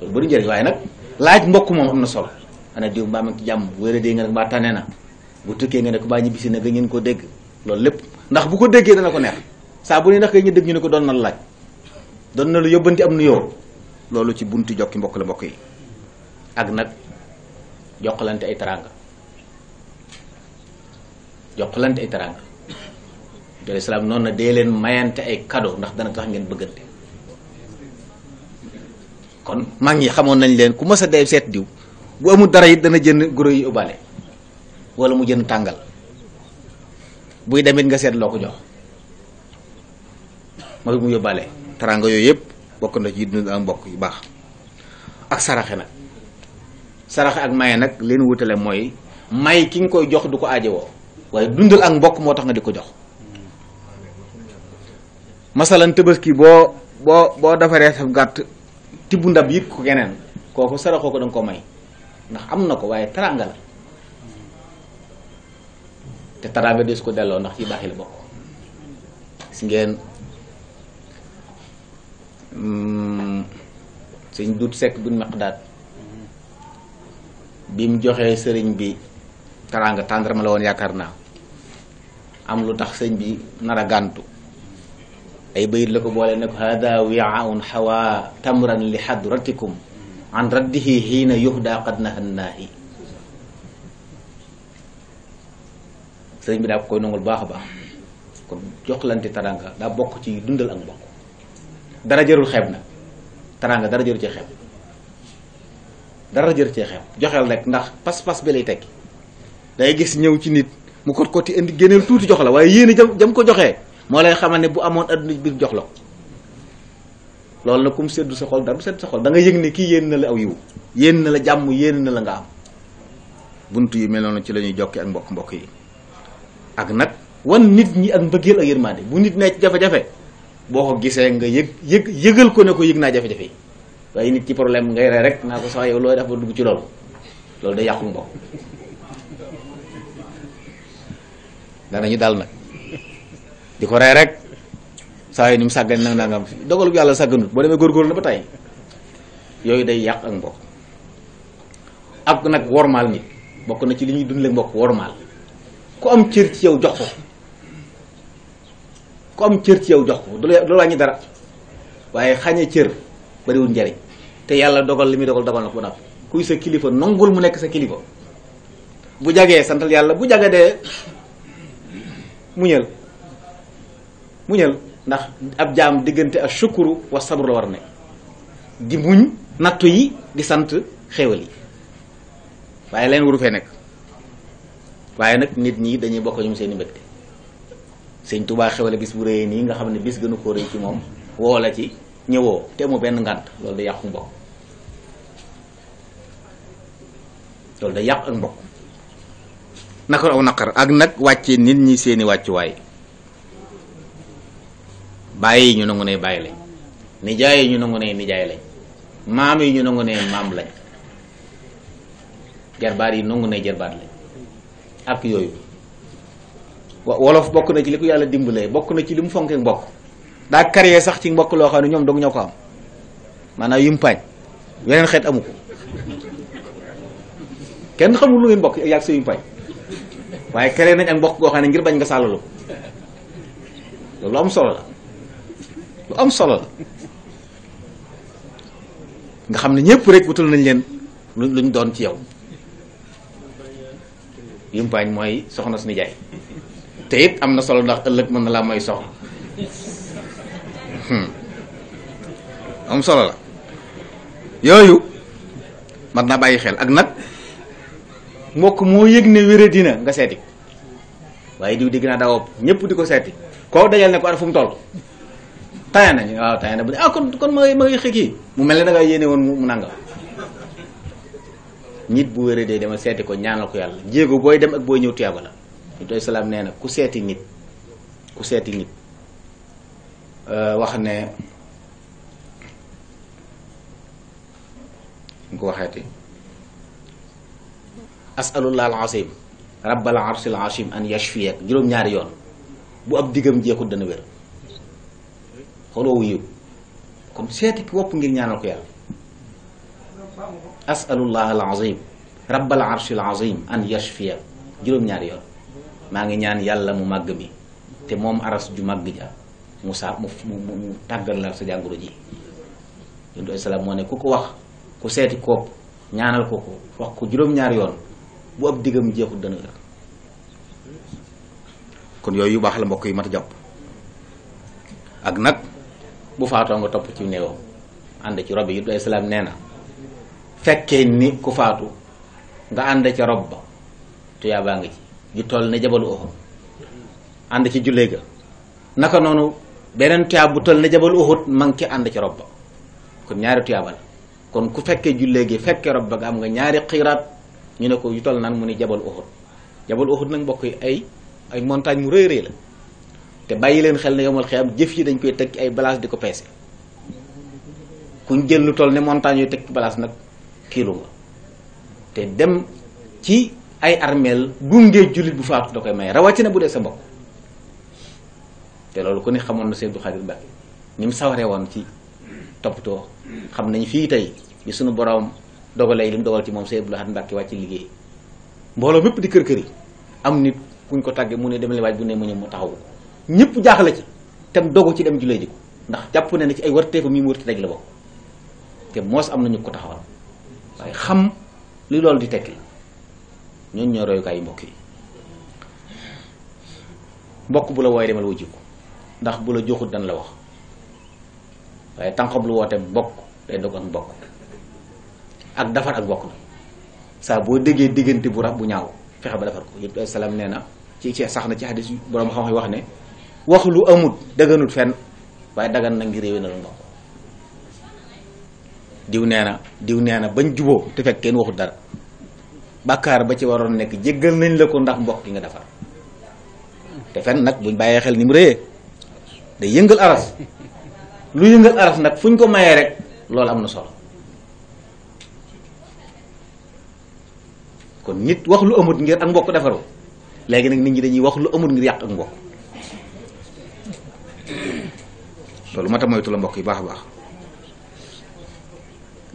la loolu waaye nag laaj mbokk moom am na solo ana diw mbaa ma jàmm wéradee nga nag mbaa tane na bu tukkee nga ne ko baa ñibbisi na da ngeen ko dégg loolu lépp ndax bu ko déggee dana ko neex saabu bu ne ndax kay ñu dégg ñu ne ko doon na laaj doon na lu yóbbanti am yoo loolu ci buntu jokki mbokk la mbokk yi ak nag jokkalante ay teraanga jokkalante ay teraanga jole salaam noonu na dee leen mayante ay kado ndax dana tax ngeen bëggante kon mag ñi xamoon nañ leen ku mës a dee seet diw bu amul dara it dana jënd guro yi ubbaale wala mu jënd tàngal buy demit nga seet loo ko jox mooy mu yóbbaale teraanga yooyu yëpp bokk na ci dund ak mbokk yu baax ak saraxe nag saraxe ak maye nag leen wutale mooy may ki nga koy jox du ko aajowoo waaye dundal ak mbokk moo tax nga di ko jox masalan ki boo boo boo defaree sa gàtt tibb ndab yépp ko keneen kooku saraxoo ko danga ko may ndax am na ko waaye teraanga la te teraanga des ko delloo ndax ci baax yi la bokk si ngeen Mm, sëñ dut sekk buñ maqdaat mm-hmm. bi mu joxee sëriñ bi taraanga tàndarma la woon yaakaar naa am lu tax sëñ bi nar a gàntu ay bayit la ko boole ne ko hada wiaun xawa tamran li hadratikum an raddihi xiina yuhda qad nahannaahi sëriñ bi daa ko koy nangul baax a baax kon joxlante taraanga daa bokk ci dundal ak bokk dara jërul xeeb na teraanga dara jëru cee xeeb dara jëru cee xeeb joxeel rek ndax pas-pas bi lay tekki day gis ñëw ci nit mu kot koti indi génneel tuuti jox la waaye yéen a jam ko joxee moo lay xamal ne bu amoon adduna biir jox la ko loolu nag ku mu seddu sa xol dara du seddu sa xol da nga yëg ne kii yéen na la aw yiw yéen na la jàmm yéen na la nga am bunt yi mel noonu ci la ñuy jokki ak mbokk mbokk yi ak nag wan nit ñi ak mbëggeel ak yërmande bu nit nee ci boo ko gisee nga yëg yëg yëgal ko ne ko yëg naa jafe-jafe yi waaye nit ci problème ngay rey rek naa ko sax yow looy def dugg ci loolu loolu day yàqu mbokk danañu dal nag di ko rey rek saa yu ni mu sàggan nag yàlla sàgganut boo demee góorgóorlu na ba tey yooyu day yàq ak mbokk ak nag wormaal nit bokk na ci li ñuy dundale mbokk wormaal ku am cër ci yow jox ko ku am cër ci yow jox ko du la wàññi dara waaye xañe cër bariwul njariñ te yàlla dogal li muy dogal dogal na ko ba kuy sa kilifa nangul mu nekk sa kilifa bu jagee santal yàlla bu jage de muñal muñal ndax ab jaam diggante ak shukuru wa sabru la war ne di muñ nattu yi di sant xéewal yi waaye leen waru fee nekk waaye nag nit ñi dañuy bokk mu seeni mbégte sëñ Touba xewale bis bu rëyee nii nga xam ne bis gënu koo rëy ci moom woo la ci ñëwoo te mu benn ngant loolu da yàqu mbokk loolu da yàq ak mbokk naqar aw ak nag wàcce nit ñi seeni wàccuwaay bàyyi yi ñu nangu ne bàyyi lañ nijaay ñu nangu ne nijaay lañ maam yi ñu nangu ne maam lañ jarbaat yi nangu ne jarbaat lañ ak yooyu wolof bokk na ci li ko yàlla dimbalee bokk na ci li mu fonkee mbokk daa kariyee sax ci mbokk loo xam ne ñoom dong ñoo ko am maanaam yumpaañ weneen xeet amu ko kenn xamul lu ngeen mbokk yàgg sa yumpaañ waaye karee nañ ak mbokk goo xam ne ngir bañ nga sàllalu loolu am solo lu am solo la nga xam ne ñëpp rek wutal nañ leen luñ doon ci yow yumpaañ mooy soxna su nijaay te it am na solo ndax ëllëg mën na laa may soxla hmm. am solo la yooyu mat naa bàyyi xel ak nag mbokk moo yëg ne wéré dina nga seeti waaye diw dégg naa daawob ñëpp di ko seeti koo dajal ne ko fu mu toll taya nañ waaw taya na bu ah kon kon ma ma ngay xëkki mu mel ne da nga yéene woon mu nangam nit bu wéré dee demal seeti ko ñaanal ko yàlla jéego booy dem ak booy ñëw tuyaaba la doy salaam nee na ku seeti nit ku seeti nit euh, wax ne ñu ko waxeeti asalullah al asim rabbal arsil asim an yashfiyak juróom-ñaari yoon bu ab diggam jeexut dana wér xoloowu yiw kon seeti ki wopp ngir ñaanal ko asalullah al azim rabbal arsil azim an yashfiyak juróom-ñaari yoon maa ngi ñaan yàlla mu màgg mi te moom aras ju mag ja mu saa mu mu mu tàggal la sa jàngoro ji yonent bi salaam moo ne ku ko wax ku seeti koop ñaanal ko ko wax ko juróom-ñaar yoon bu ab diggam jeexul dana kon yooyu yu baax la mbokk yi mat a ak nag bu faatoo nga topp ci néewam ànd ci rob yi yonent bi salaam nee na fekkee ni ku faatu nga ànd ca rob ba tuyaabaa nga ci ju toll ne jabalu Uhud ànd ci jullee ga naka noonu beneen tuyaab bu toll ne jabalu Uhud ma ngi ànd ci rob ba kon ñaari tuyaaba la kon ku fekkee jullee gi fekkee rob ba nga am nga ñaari xiiraat ñu ne ko yu toll naan mu ni jabal Uhud jabal Uhud nag mbokk yi ay ay montagne mu rëy rëy la te bàyyi leen xel ne yomal xiyam jëf yi dañ koy teg ci ay balaas di ko peese kuñ jël lu toll ne montagne yooyu teg balaas nag kiilu te dem ci ay armeel gungee jullit bu faatu da koy may rawatina bu dee sa mbokk te loolu ko ne xamoon na Sëñ Abdou Khadre Mbacké ni mu sawaree woon ci toppatoo xam nañ fii tey bi suñu borom dogalee li mu dogal ci moom Sëñ Abdou Khadre Mbacké wàcc liggéey mbooloo mépp di kër kër yi am nit kuñ ko tàggee mu ne dem bu ne mu ñëw mu taxawu ñëpp jaaxle ci te tam dogu ci dem jullee ji ko ndax jàpp ne ne ci ay warteefa mi mu warti daj la bokk te moos am nañu ko taxawal waaye xam li loolu di tekki ñooñu ñoo royukaayu mbokk yi mbokk bu la wooyee demal wujjiku ndax bu la joxut dan la wax waaye tànqob lu woote mbokk day dog ak mbokk ak dafar ak mbokk la saa boo déggee diggante bu rab bu ñaaw fexe ba defar ko yëpp salaam nee na ci sax na ci hadis borom xam-xam wax ne wax lu amut daganut fen waaye dagan na ngir réewé na lu mbokk diw nee na diw nee na bañ juboo te fekk kenn waxut dara bàkkaar ba ci waroon nekk jéggal nañ la ko ndax mbokk gi nga defar te fen nag buñ bàyyee xel ni mu rëyee day yëngal aras lu yëngal aras nag fu ñu ko mayee rek loolu am na solo kon nit wax lu amut ngir ak mbokk defaru léegi nag nit ñi dañuy wax lu amut ngir yàq ak mbokk loolu moo tax moytu la mbokk yi baax a baax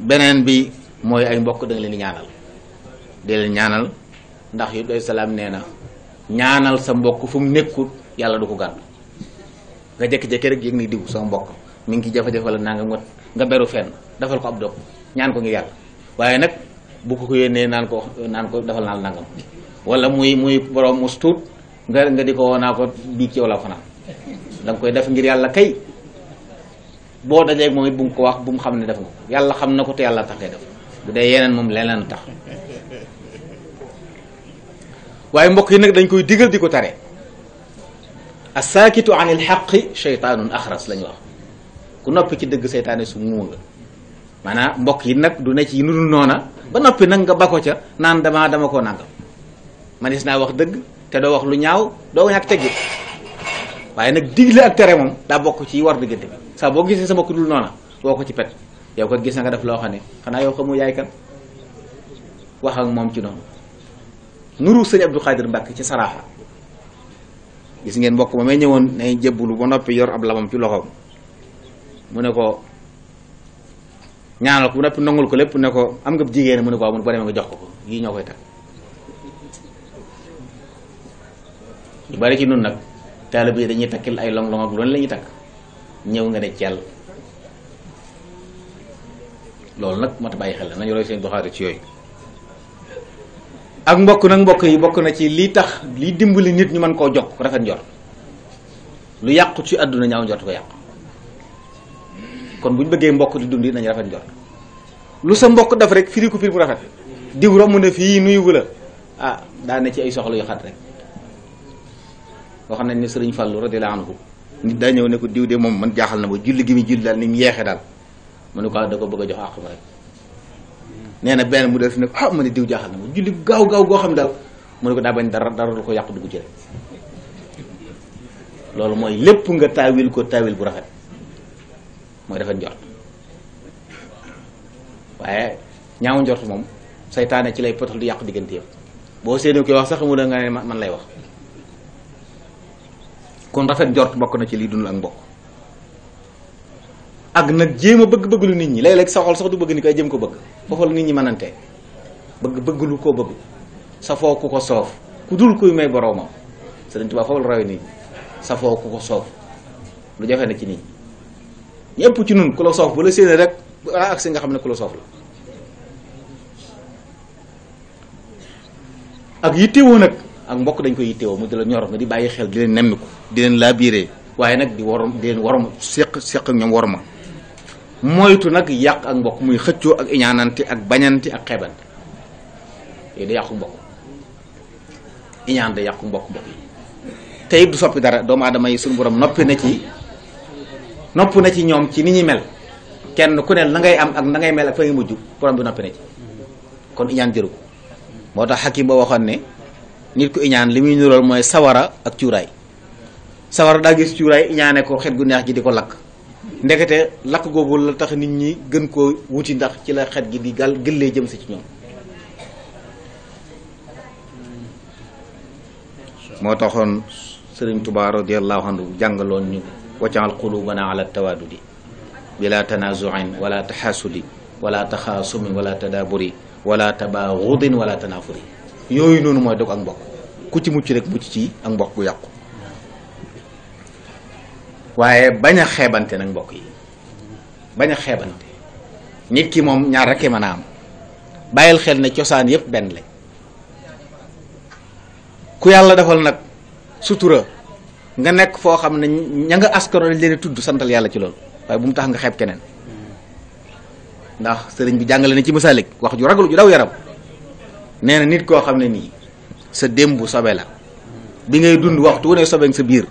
beneen bi mooy ay mbokk da nga leen di ñaanal di leen ñaanal ndax yëpp day salaam nee na ñaanal sa mbokk fu mu nekkul yàlla du ko gàddu nga jékki-jékki rek yëg ni diw sama mbokk mi ngi ci jafe-jafe la nangam nga nga beru fenn dafal ko ab dog ñaan ko ngir yàlla waaye nag bu ko ko yónnee naan ko naan dafal naa la nangam wala muy muy borom mus tuut nga nga di ko woo naa ko bii ci yow fanaan danga koy def ngir yàlla kay boo dajee moom bu mu ko wax bu mu xam ne def ko yàlla xam na ko te yàlla tax ngay def bu waaye mbokk yi nag dañ koy digal di ko tare asaakitu an il xaqi cheytaanun axras la wax ku noppi ci dëgg seytaane su muu nga maanaam mbokk yi nag du ne ci nu dul noona ba noppi nag nga bako ca naan damaa dama ko nangam manis naa wax dëgg te doo wax lu ñaaw doo ñàkk teggi waaye nag digle ak tere moom daa bokk ci war diggante saa boo gisee sa mbokk dul noona woo ko ci pet yow ko gis na nga def loo xam ne xanaa yow xamu yaay kan wax ak moom ci nuru sëñ Abdou Khadir Mbacke ci saraaxa gis ngeen mbokk ma may ñëwoon nay jébbalu ba noppi yor ab lamam ci loxoom mu ne ko ñaanal ko bu noppi nangul ko lépp ne ko am nga jigéen mu ne ko waaw mu ne demee nga jox ko ko yii ñoo koy takk lu bari ci nun nag taalibe yi dañuy takkil ay long long ak loolu la takk ñëw nga ne ceel loolu nag mat a bàyyi xel nañu roy seen doxaate ci yooyu ak mbokk nag mbokk yi bokk na ci lii tax li dimbali nit ñu man koo jokk rafet njort lu yàqu ci àdduna ñaaw njort ko yàqu kon bu ñu bëggee mbokk di dund nañu rafet njort lu sa mbokk def rek firi ko firi bu rafet diw romb na fii nuyu la ah daa ne ci ay soxla yu xat rek boo xam ne ni sëriñ Fallou radiyallahu anhu nit daa ñëw ne ko diw de moom man jaaxal na ma julli gi muy julli daal ni mu yeexe daal mu ne ko ah da ko bëgg a jox àq rek nee na benn mu def ne ko ah ma ne diw jaaxal na ma julli gaaw gaaw goo xam daal mu ne ko daa bañ dara dara ko yàqu dugg ci rek loolu mooy lépp nga taawil ko taawil bu rafet mooy dafa njort waaye ñaaw njort moom seytaane ci lay potal du yàqu diggante yëpp boo séenee koy wax sax mu da nga ne man lay wax kon rafet njort bokk na ci lii dund ak mbokk ak nag jéema bëgg bëgg lu nit ñi léeg-léeg sa xol du bëgg ni koy jëm ko bëgg foofu la nit ñi mënante bëgg bëgg lu koo bëgg safoo ku ko soof ku dul kuy may boroomam Sëriñ Tuubaa foofu la rawee nit ñi safoo ku ko soof lu jafe na ci nit ñi ñëpp ci nun ku la soof bu la séenee rek ak si nga xam ne ku la soof la ak yittewoo nag ak mbokk dañ koy yittewoo mu di la ñor nga di bàyyi xel di leen nemmiku di leen laabiire waaye nag di warom di leen warom séq séq ñoom warma moytu nag yàq ak mbokk muy xëccoo ak iñaananti ak bañanti ak xeebante yooyu da yàqu mbokk iñaan da yàqu mbokk mbokk yi te du soppi dara doomu aadama yi suñu borom noppi na ci nopp na ci ñoom ci ni ñuy mel kenn ku ne na ngay am ak na ngay mel ak fa ngay mujj borom bi noppi na ci kon iñaan jëru moo tax xakim ba waxoon ne nit ku iñaan li muy nurool mooy sawara ak cuuraay sawara daa gis cuuraay iñaane ko xet gu neex gi di ko lakk ndekete lakk googu la tax nit ñi gën koo wuti ndax ci la xet gi di gàll gëllee jëm sa ci ñoom moo taxoon sëriñ Tuubaa radiyallahu anhu jàngaloon ñu waccaal qulubana ala tawaadudi bila tanazuin wala taxaasudi wala taxaasumi wala tadaaburi wala tabaagudin wala tanaafuri yooyu noonu mooy dog ak mbokk ku ci mucc rek mucc ci ak mbokk bu yàqu waaye bañ a xeebante nag mbokk yi bañ a xeebante nit ki moom ñaar rek mën a am bàyyil xel ne cosaan yëpp benn lañ ku yàlla defal nag sutura nga nekk foo xam ne ña nga askano dañ leen tudd santal yàlla ci loolu waaye bu mu tax nga xeeb keneen ndax sëriñ bi jàngale na ci masaalik wax ju ragal ju daw yaram nee na nit koo xam ne nii sa démb sobe la bi ngay dund waxtu wu ne sa biir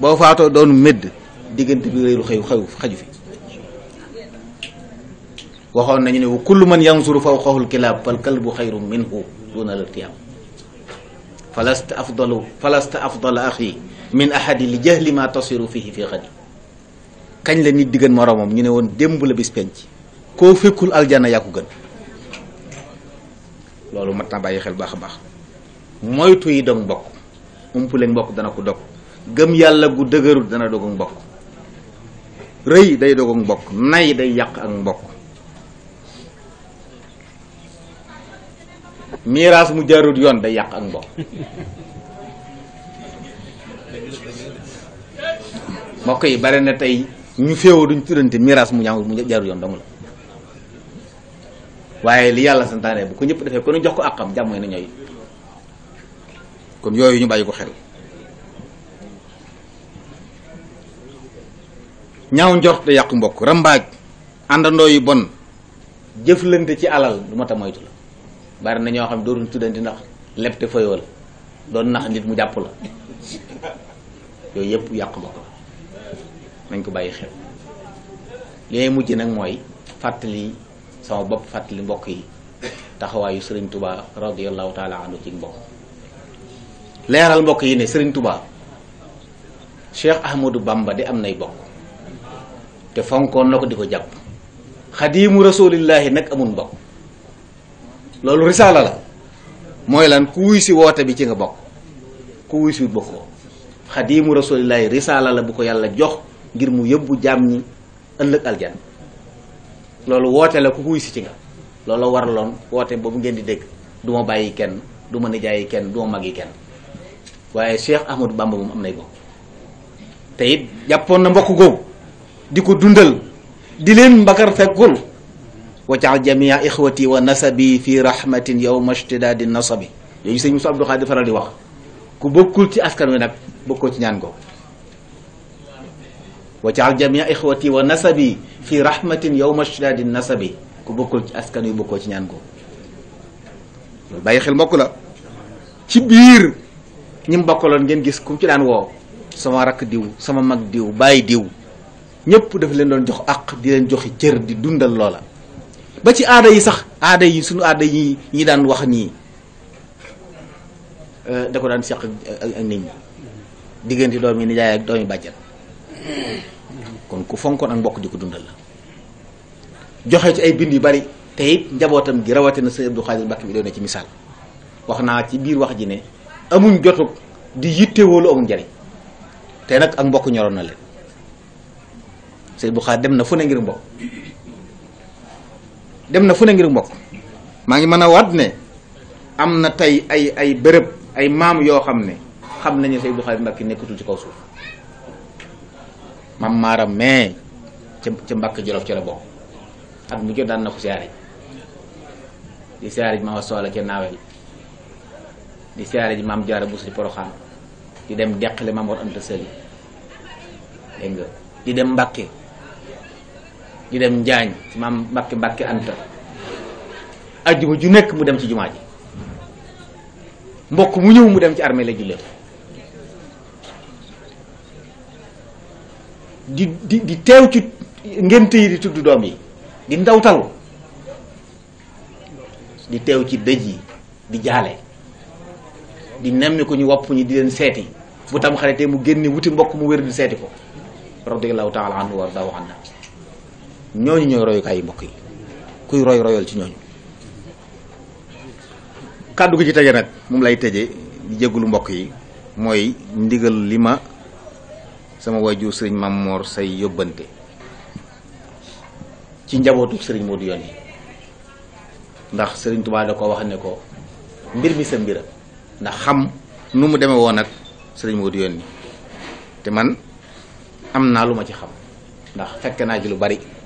boo faatoo doon médd diggante bi réeru xëyu xëyu xaju fi waxoon nañu ne wu kullu man yansuru fawqahul kilaab fal kalbu xayru minhu duna lirtiyaab falasta afdalu falasta afdal axi min ahadi li jahli ma tasiru fihi fi xadi kañ la nit diggan moroomam ñu ne woon démb la bis penc koo fekkul aljana yàkku gën loolu mat na bàyyi xel baax a baax moytu yi dog mbokk umpule mbokk dana ko dog gëm yàlla gu dëgërut dana dogu ak mbokk rëy day dog ak mbokk nay day yàq ak mbokk miraas mu jaarut yoon day yàq ak mbokk mbokk yi bare na tey ñu féewoo duñ tuddante miraas mu ñaaw mu jaarut yoon dong la waaye li yàlla santaane bu ko ñëpp defee ko nu jox ko àqam jàmm na ñooy kon yooyu ñu bàyyi ko xel ñaaw njort da yàqu mbokk rambaaj àndandoo yu bon jëflante ci alal du ma ta moytu la bari na ñoo xam ne dootuñ tuddanti ndax lepte fayoo la doon nax nit mu jàpp la yooyu yëpp yàqu mbokk la nañ ko bàyyi xel li ngay mujj nag mooy fàttali sama bopp fàttali mbokk yi taxawaayu sëriñ tubaa radiallahu taala anhu ci mbokk leeral mbokk yi ne sëriñ tubaa cheikh ahmadou bamba di am nay bokk te fonkoon na ko di ko jàpp xadiimu rasulillahi nag amul mbokk loolu risaala la mooy lan ku wuy si woote bi ci nga bokk ku wuy si bokkoo xadiimu rasulillahi risaala la bu ko yàlla jox ngir mu yóbbu jaam ni ëllëg aljan loolu woote la ku wuy si ci nga loolu waraloon woote boobu ngeen di dégg du bàyyi kenn du ma nijaayi kenn du magi kenn waaye Cheikh Ahmadou Bamba moom am nay bokk te jàppoon na mbokk googu di ko dundal di leen mbakar fekkul wajaal jamia ixwati wa nasabi fi rahmatin yowma shtidadi nasabi yooyu sëñ Moussa Abdou Khadre faral di wax ku bokkul ci askan wi nag bokkoo ci ñaan googu wajaal jamia ixwati wa nasabi fi rahmatin yowma shtidadi nasabi ku bokkul ci askan wi bokkoo ci ñaan googu loolu bàyyi xel mbokk la ci biir ñu mu ngeen gis ku ci daan woo sama rakk diw sama mag diw bàyyi diw ñëpp daf leen doon jox àq di leen joxi cër di dundal loola ba ci aada yi sax aada yi suñu aada yi ñi daan wax nii euh, da ko daan seq ak nit ñi diggante doomi nijaay ak doomi bàjjan kon ku fonkoon ak mbokk di ko dundal la joxe ci ay bind yu bari te it njabootam gi rawatina sëñ Abdou Khadir Mbacke bi doon na ci misaal wax naa ci biir wax ji ne amuñ jotug di yittewoo lu amul njariñ te nag ak mbokk ñoroon na leen sëñ Buxaari dem na fu ne ngir mbokk dem na fu ne ngir mbokk maa ngi mën a wat ne am na tey ay ay bërëb ay maam yoo xam ne xam nañu sëñ Buxaari Mbàkke nekkatul ci kaw suuf maam maaram mais ca ca Mbàkke Jolof ca la bokk ak mu jot daan na ko siyaare di siyaare ji maam Soxla ca naawel di siyaare ji maam Jaara Buso ci Poroxaan di dem deqale maam war anta sëli nga di dem Mbàkke di dem Njaañ maam Mbàkke Mbàkke Anta ajjuma ju nekk mu dem ci jumaa ji mbokk mu ñëw mu dem ci armée la jullee di di di teew ci ngénte yi di tudd doom yi di ndawtalu di teew ci dëj yi di jaale di nemmi ko ñu wopp ñi di leen seeti bu tam xaritee mu génne wuti mbokk mu wér di seeti ko radiyallahu taala anhu warda waxan na ñooñu ñooy royukaay yi mbokk yi kuy roy royal ci ñooñu kàddu gi ci tëje nag moom lay tëje di mbokk yi mooy ndigal li ma sama waajur sëriñ Mamor say yóbbante ci njabootu sëriñ yoon yi ndax sëriñ Tuubaa ko wax ne ko mbir mi sa mbira ndax xam nu mu demee woon ak sëriñ yoon Yoni te man am naa lu ma ci xam ndax fekke naaj lu bari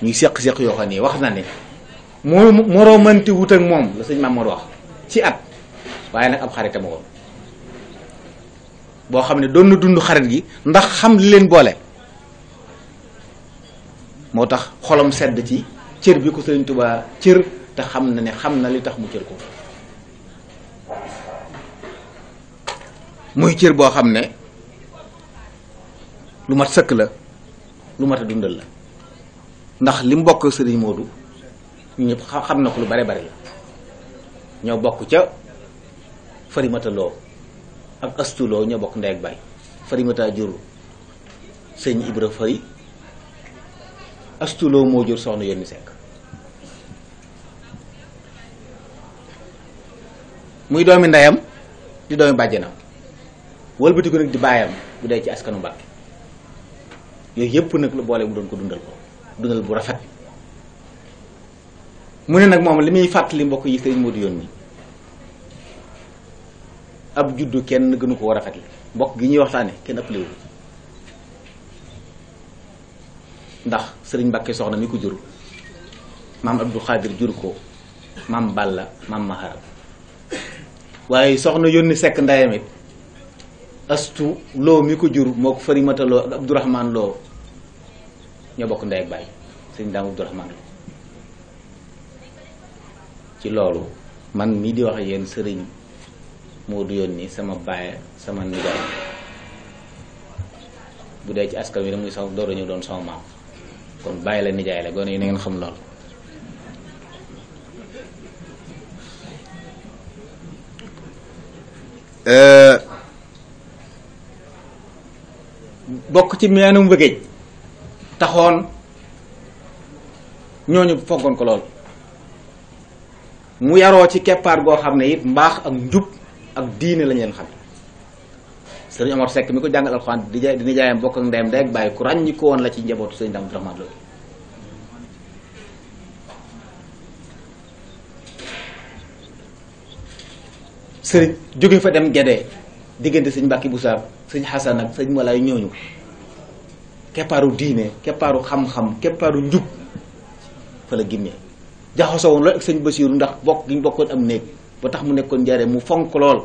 ñuy seq-seq yoo xam ne wax na ne moo moroomante wut ak moom la sëñ Mamour wax ci at waaye nag ab xaritama woon boo xam ne doon na dund xarit gi ndax xam li leen boole moo tax xolam sedd ci cër bi ko sëñ Touba cër te xam na ne xam na li tax mu cër ko muy cër boo xam ne lu mat sëkk la lu mat a dundal la ndax li mu bokk sëriñ Modou ñëpp xam na ko lu bare bare la ñoo bokk ca Farimata Lo ak Astu ñoo bokk ndey ak baay Farimata jur sëñ Ibra Fari Astu Lo moo jur soxna Yoni Seck muy doomi ndeyam di doomi bàjjenam wëlbatiku nag di baayam bu dee ci askanu Mbàkke yooyu yëpp nag lu boole mu doon ko dundal ko dundal bu rafet mu ne nag moom li muy fàttali mbokk yi sëriñ Modou yónni ab juddu kenn gënu ko rafet li mbokk gi ñuy waxtaane kenn ëpp liwu ndax sëriñ Mbàkke soxna mi ko jur maam Abdou Khadir jur ko maam Balla maam Maharam waaye soxna yónni sekk ndayam it astu loo mi ko jur moo ko Farimata loo ak Abdourahman loo ñoo bokk ndey ak baay sëñ Daam Abdourahman la ci loolu man mii di wax yéen sëriñ moo du yoon ni sama baay sama nijaay bu dee ci askan wi da muy door a doon sama maam kon bàyyi la nijaay la gone yi na xam loolu euh, bokk ci meenum bëggéej taxoon ñooñu fonkoon ko lool mu yaroo ci keppaar goo xam ne it mbaax ak njub ak diine lañ leen xam sëriñ Omar Seck mi ko jàngal alxuraan di ja di nijaayam bokk ak ndeyam ndey bàyyi ku ràññi ko woon la ci njabootu sëriñ Abdu Rahmaan loolu sëriñ jóge fa dem Gédé diggante sëñ Mbàkki Busaab sëñ Xasan ak sëñ Malaay ñooñu keppaaru diine keppaaru xam-xam keppaaru njub fa la génnee jaxasoo woon loolu ak sëñ Basiiru ndax bokk gi ñu bokkoon am néeg boo tax mu nekkoon njare mu fonk lool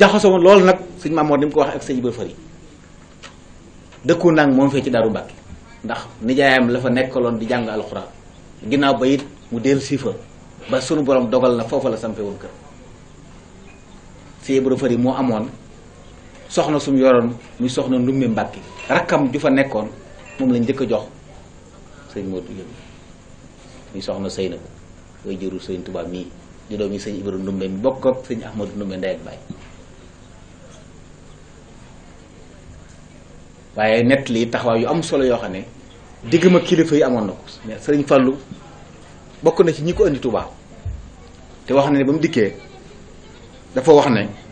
jaxasoo woon loolu nag sëñ Maamoor ni mu ko wax ak sëñ ba fari dëkku nag moom fee ci Daaru Mbàkke ndax nijaayam la fa nekkaloon di jàng alxuraan ginnaaw ba it mu dellu si fa ba sunu borom dogal na foofa la sampe woon kër sëñ ba fari moo amoon soxna sum yoroon muy soxna ndumbe Mbàkke rakkam ju fa nekkoon moom lañ dëkk a jox sëñ Modou Diop muy soxna Seyna way jëru sëñ tubaab mii di doomi sëñ Ibra ndumbe mi bokk ak sëñ Ahmadu ndumbe ndey ak baay waaye nett lii taxawaay yu am solo yoo xam digg ma kilifa yi amoon na ko sëriñ Fàllu bokk na ci ñi ko indi Tuubaa te wax na ne ba mu dikkee dafa wax ne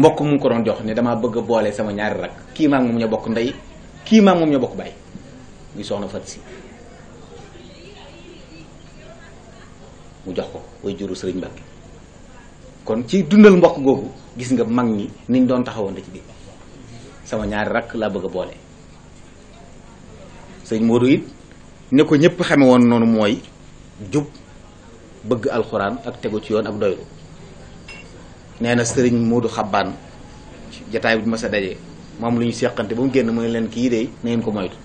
mbokk mu ko doon jox ne damaa bëgg boole sama ñaari rak kii maam moom ñoo bokk ndey kii maam moom ñoo bokk baay muy soxna Fatou si mu jox ko way juru sëriñ Mbàkke kon ci dundal mbokk googu gis nga mag ñi niñ doon taxawoon da ci biir sama ñaari rakk laa bëgg a boole sëñ Modou it ne ko ñëpp xame woon noonu mooy jub bëgg alxuraan ak tegu ci yoon ak doylu nee na sëriñ Moodu Xabbaan jataay bi ma sa daje moom lu ñu seqante ba mu génn mu leen kii de na ko moytu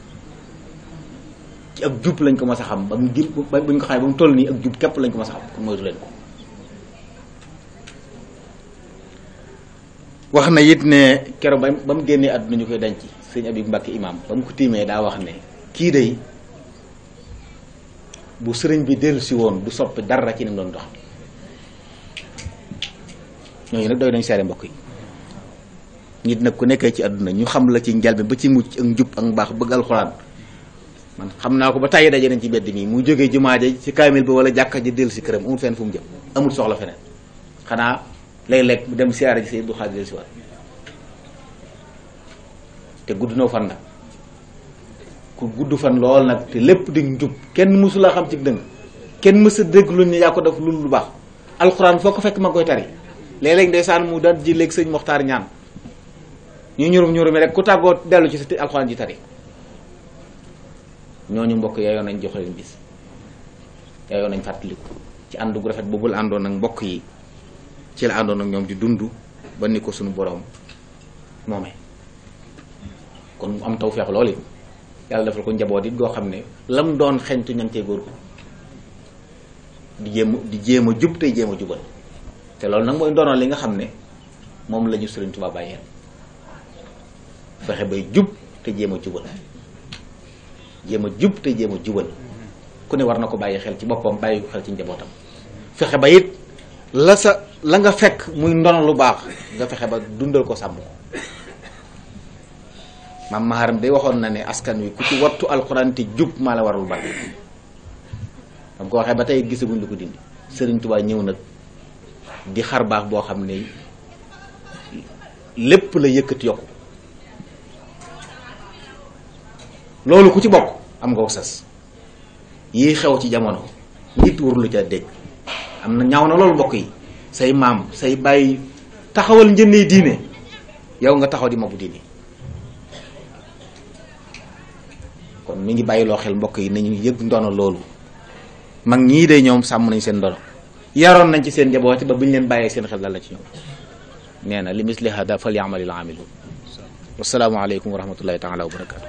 ci ak jub lañ ko mas a xam ba mu gil ba mu toll nii ak jub képp lañ ko mas a xam kon moytu leen ko. wax na yit ne keroog ba mu génnee àdduna ñu koy denc sëñ Abib Mbàkke imaam ba mu ko tiimee daa wax ne kii de bu sëriñ bi dellu si woon du soppi dara ci ni mu doon dox. ñooñu nag doy nañu seere mbokk yi nit nag ku nekkee ci àdduna ñu xam la ci njal bi ba ci mucc ak njub ak mbaax bëgg alxuraan man xam naa ko ba tàyyi daje nañ ci bedd mi mu jógee jumaa ja ci kaamil bi wala jàkka ji dellu si këram amul fenn fu mu jëm amul soxla feneen xanaa léeg-léeg mu dem siyaare ji si Abdou Khadir dellu si waat te gudd noo fan nag ku gudd fan lool nag te lépp di njub kenn mësu laa xam ci dëng kenn mësa dégg lu ñu yaa ko def lu lu baax alxuraan foo ko fekk ma koy tari léeg-léeg ndeysaan mu dal daan jileeg sëñ Moxtaar ñaan ñu ñurum ñurumi rek ku tàggoo dellu ci sa alxuraan ji tari ñooñu mbokk yaayoon nañ jox leen bis yaayoon nañ fàttaliku ci ànd rafet boobul àndoon ak mbokk yi ci la àndoon ak ñoom di dund ba ni ko suñu boroom moomee kon mu am taw feex lool it yàlla defal ko njaboot it goo xam ne mu doon xeñtu ña ngi cey góor ko di jéem di jéem a jub tey jéema a te loolu nag mooy ndono li nga xam ne moom lañu ñu Sëriñ Tuubaa bàyyeel fexe bay jub te jéem a jubal jéem a jub te jéem a jubal ku ne war na ko bàyyi xel ci boppam bàyyi ko xel ci njabootam fexe ba it la sa la nga fekk muy ndono lu baax nga fexe ba dundal ko sàmm ko maam maharam day waxoon na ne askan wi ku ci wattu alxuraan te jub maa la warul bari dam ko waxee ba tey gisaguñ lu ko dindi Sëriñ Tuubaa ñëw nag di xar baax boo xam ne lépp la yëkkati yokku loolu ku ci bokk am nga wasas yi xew ci jamono ngi tuur lu ca dégg am na ñaw na loolu mbokk yi say maam say bàyyi taxawal njënne diine yow nga taxaw di mabu diine kon mi ngi bàyyiloo xel mbokk yi nañu yëg ndono loolu mag ñii de ñoom sàmm nañ seen ndono yaroon nañ ci seen njabooti ba bu ñu leen bàyyee seen xel dal na ci ñoom nee na li misli hada fal yaamalil aamiluun wasalaamu aleykum wa rahmatullahi taala wa barakatu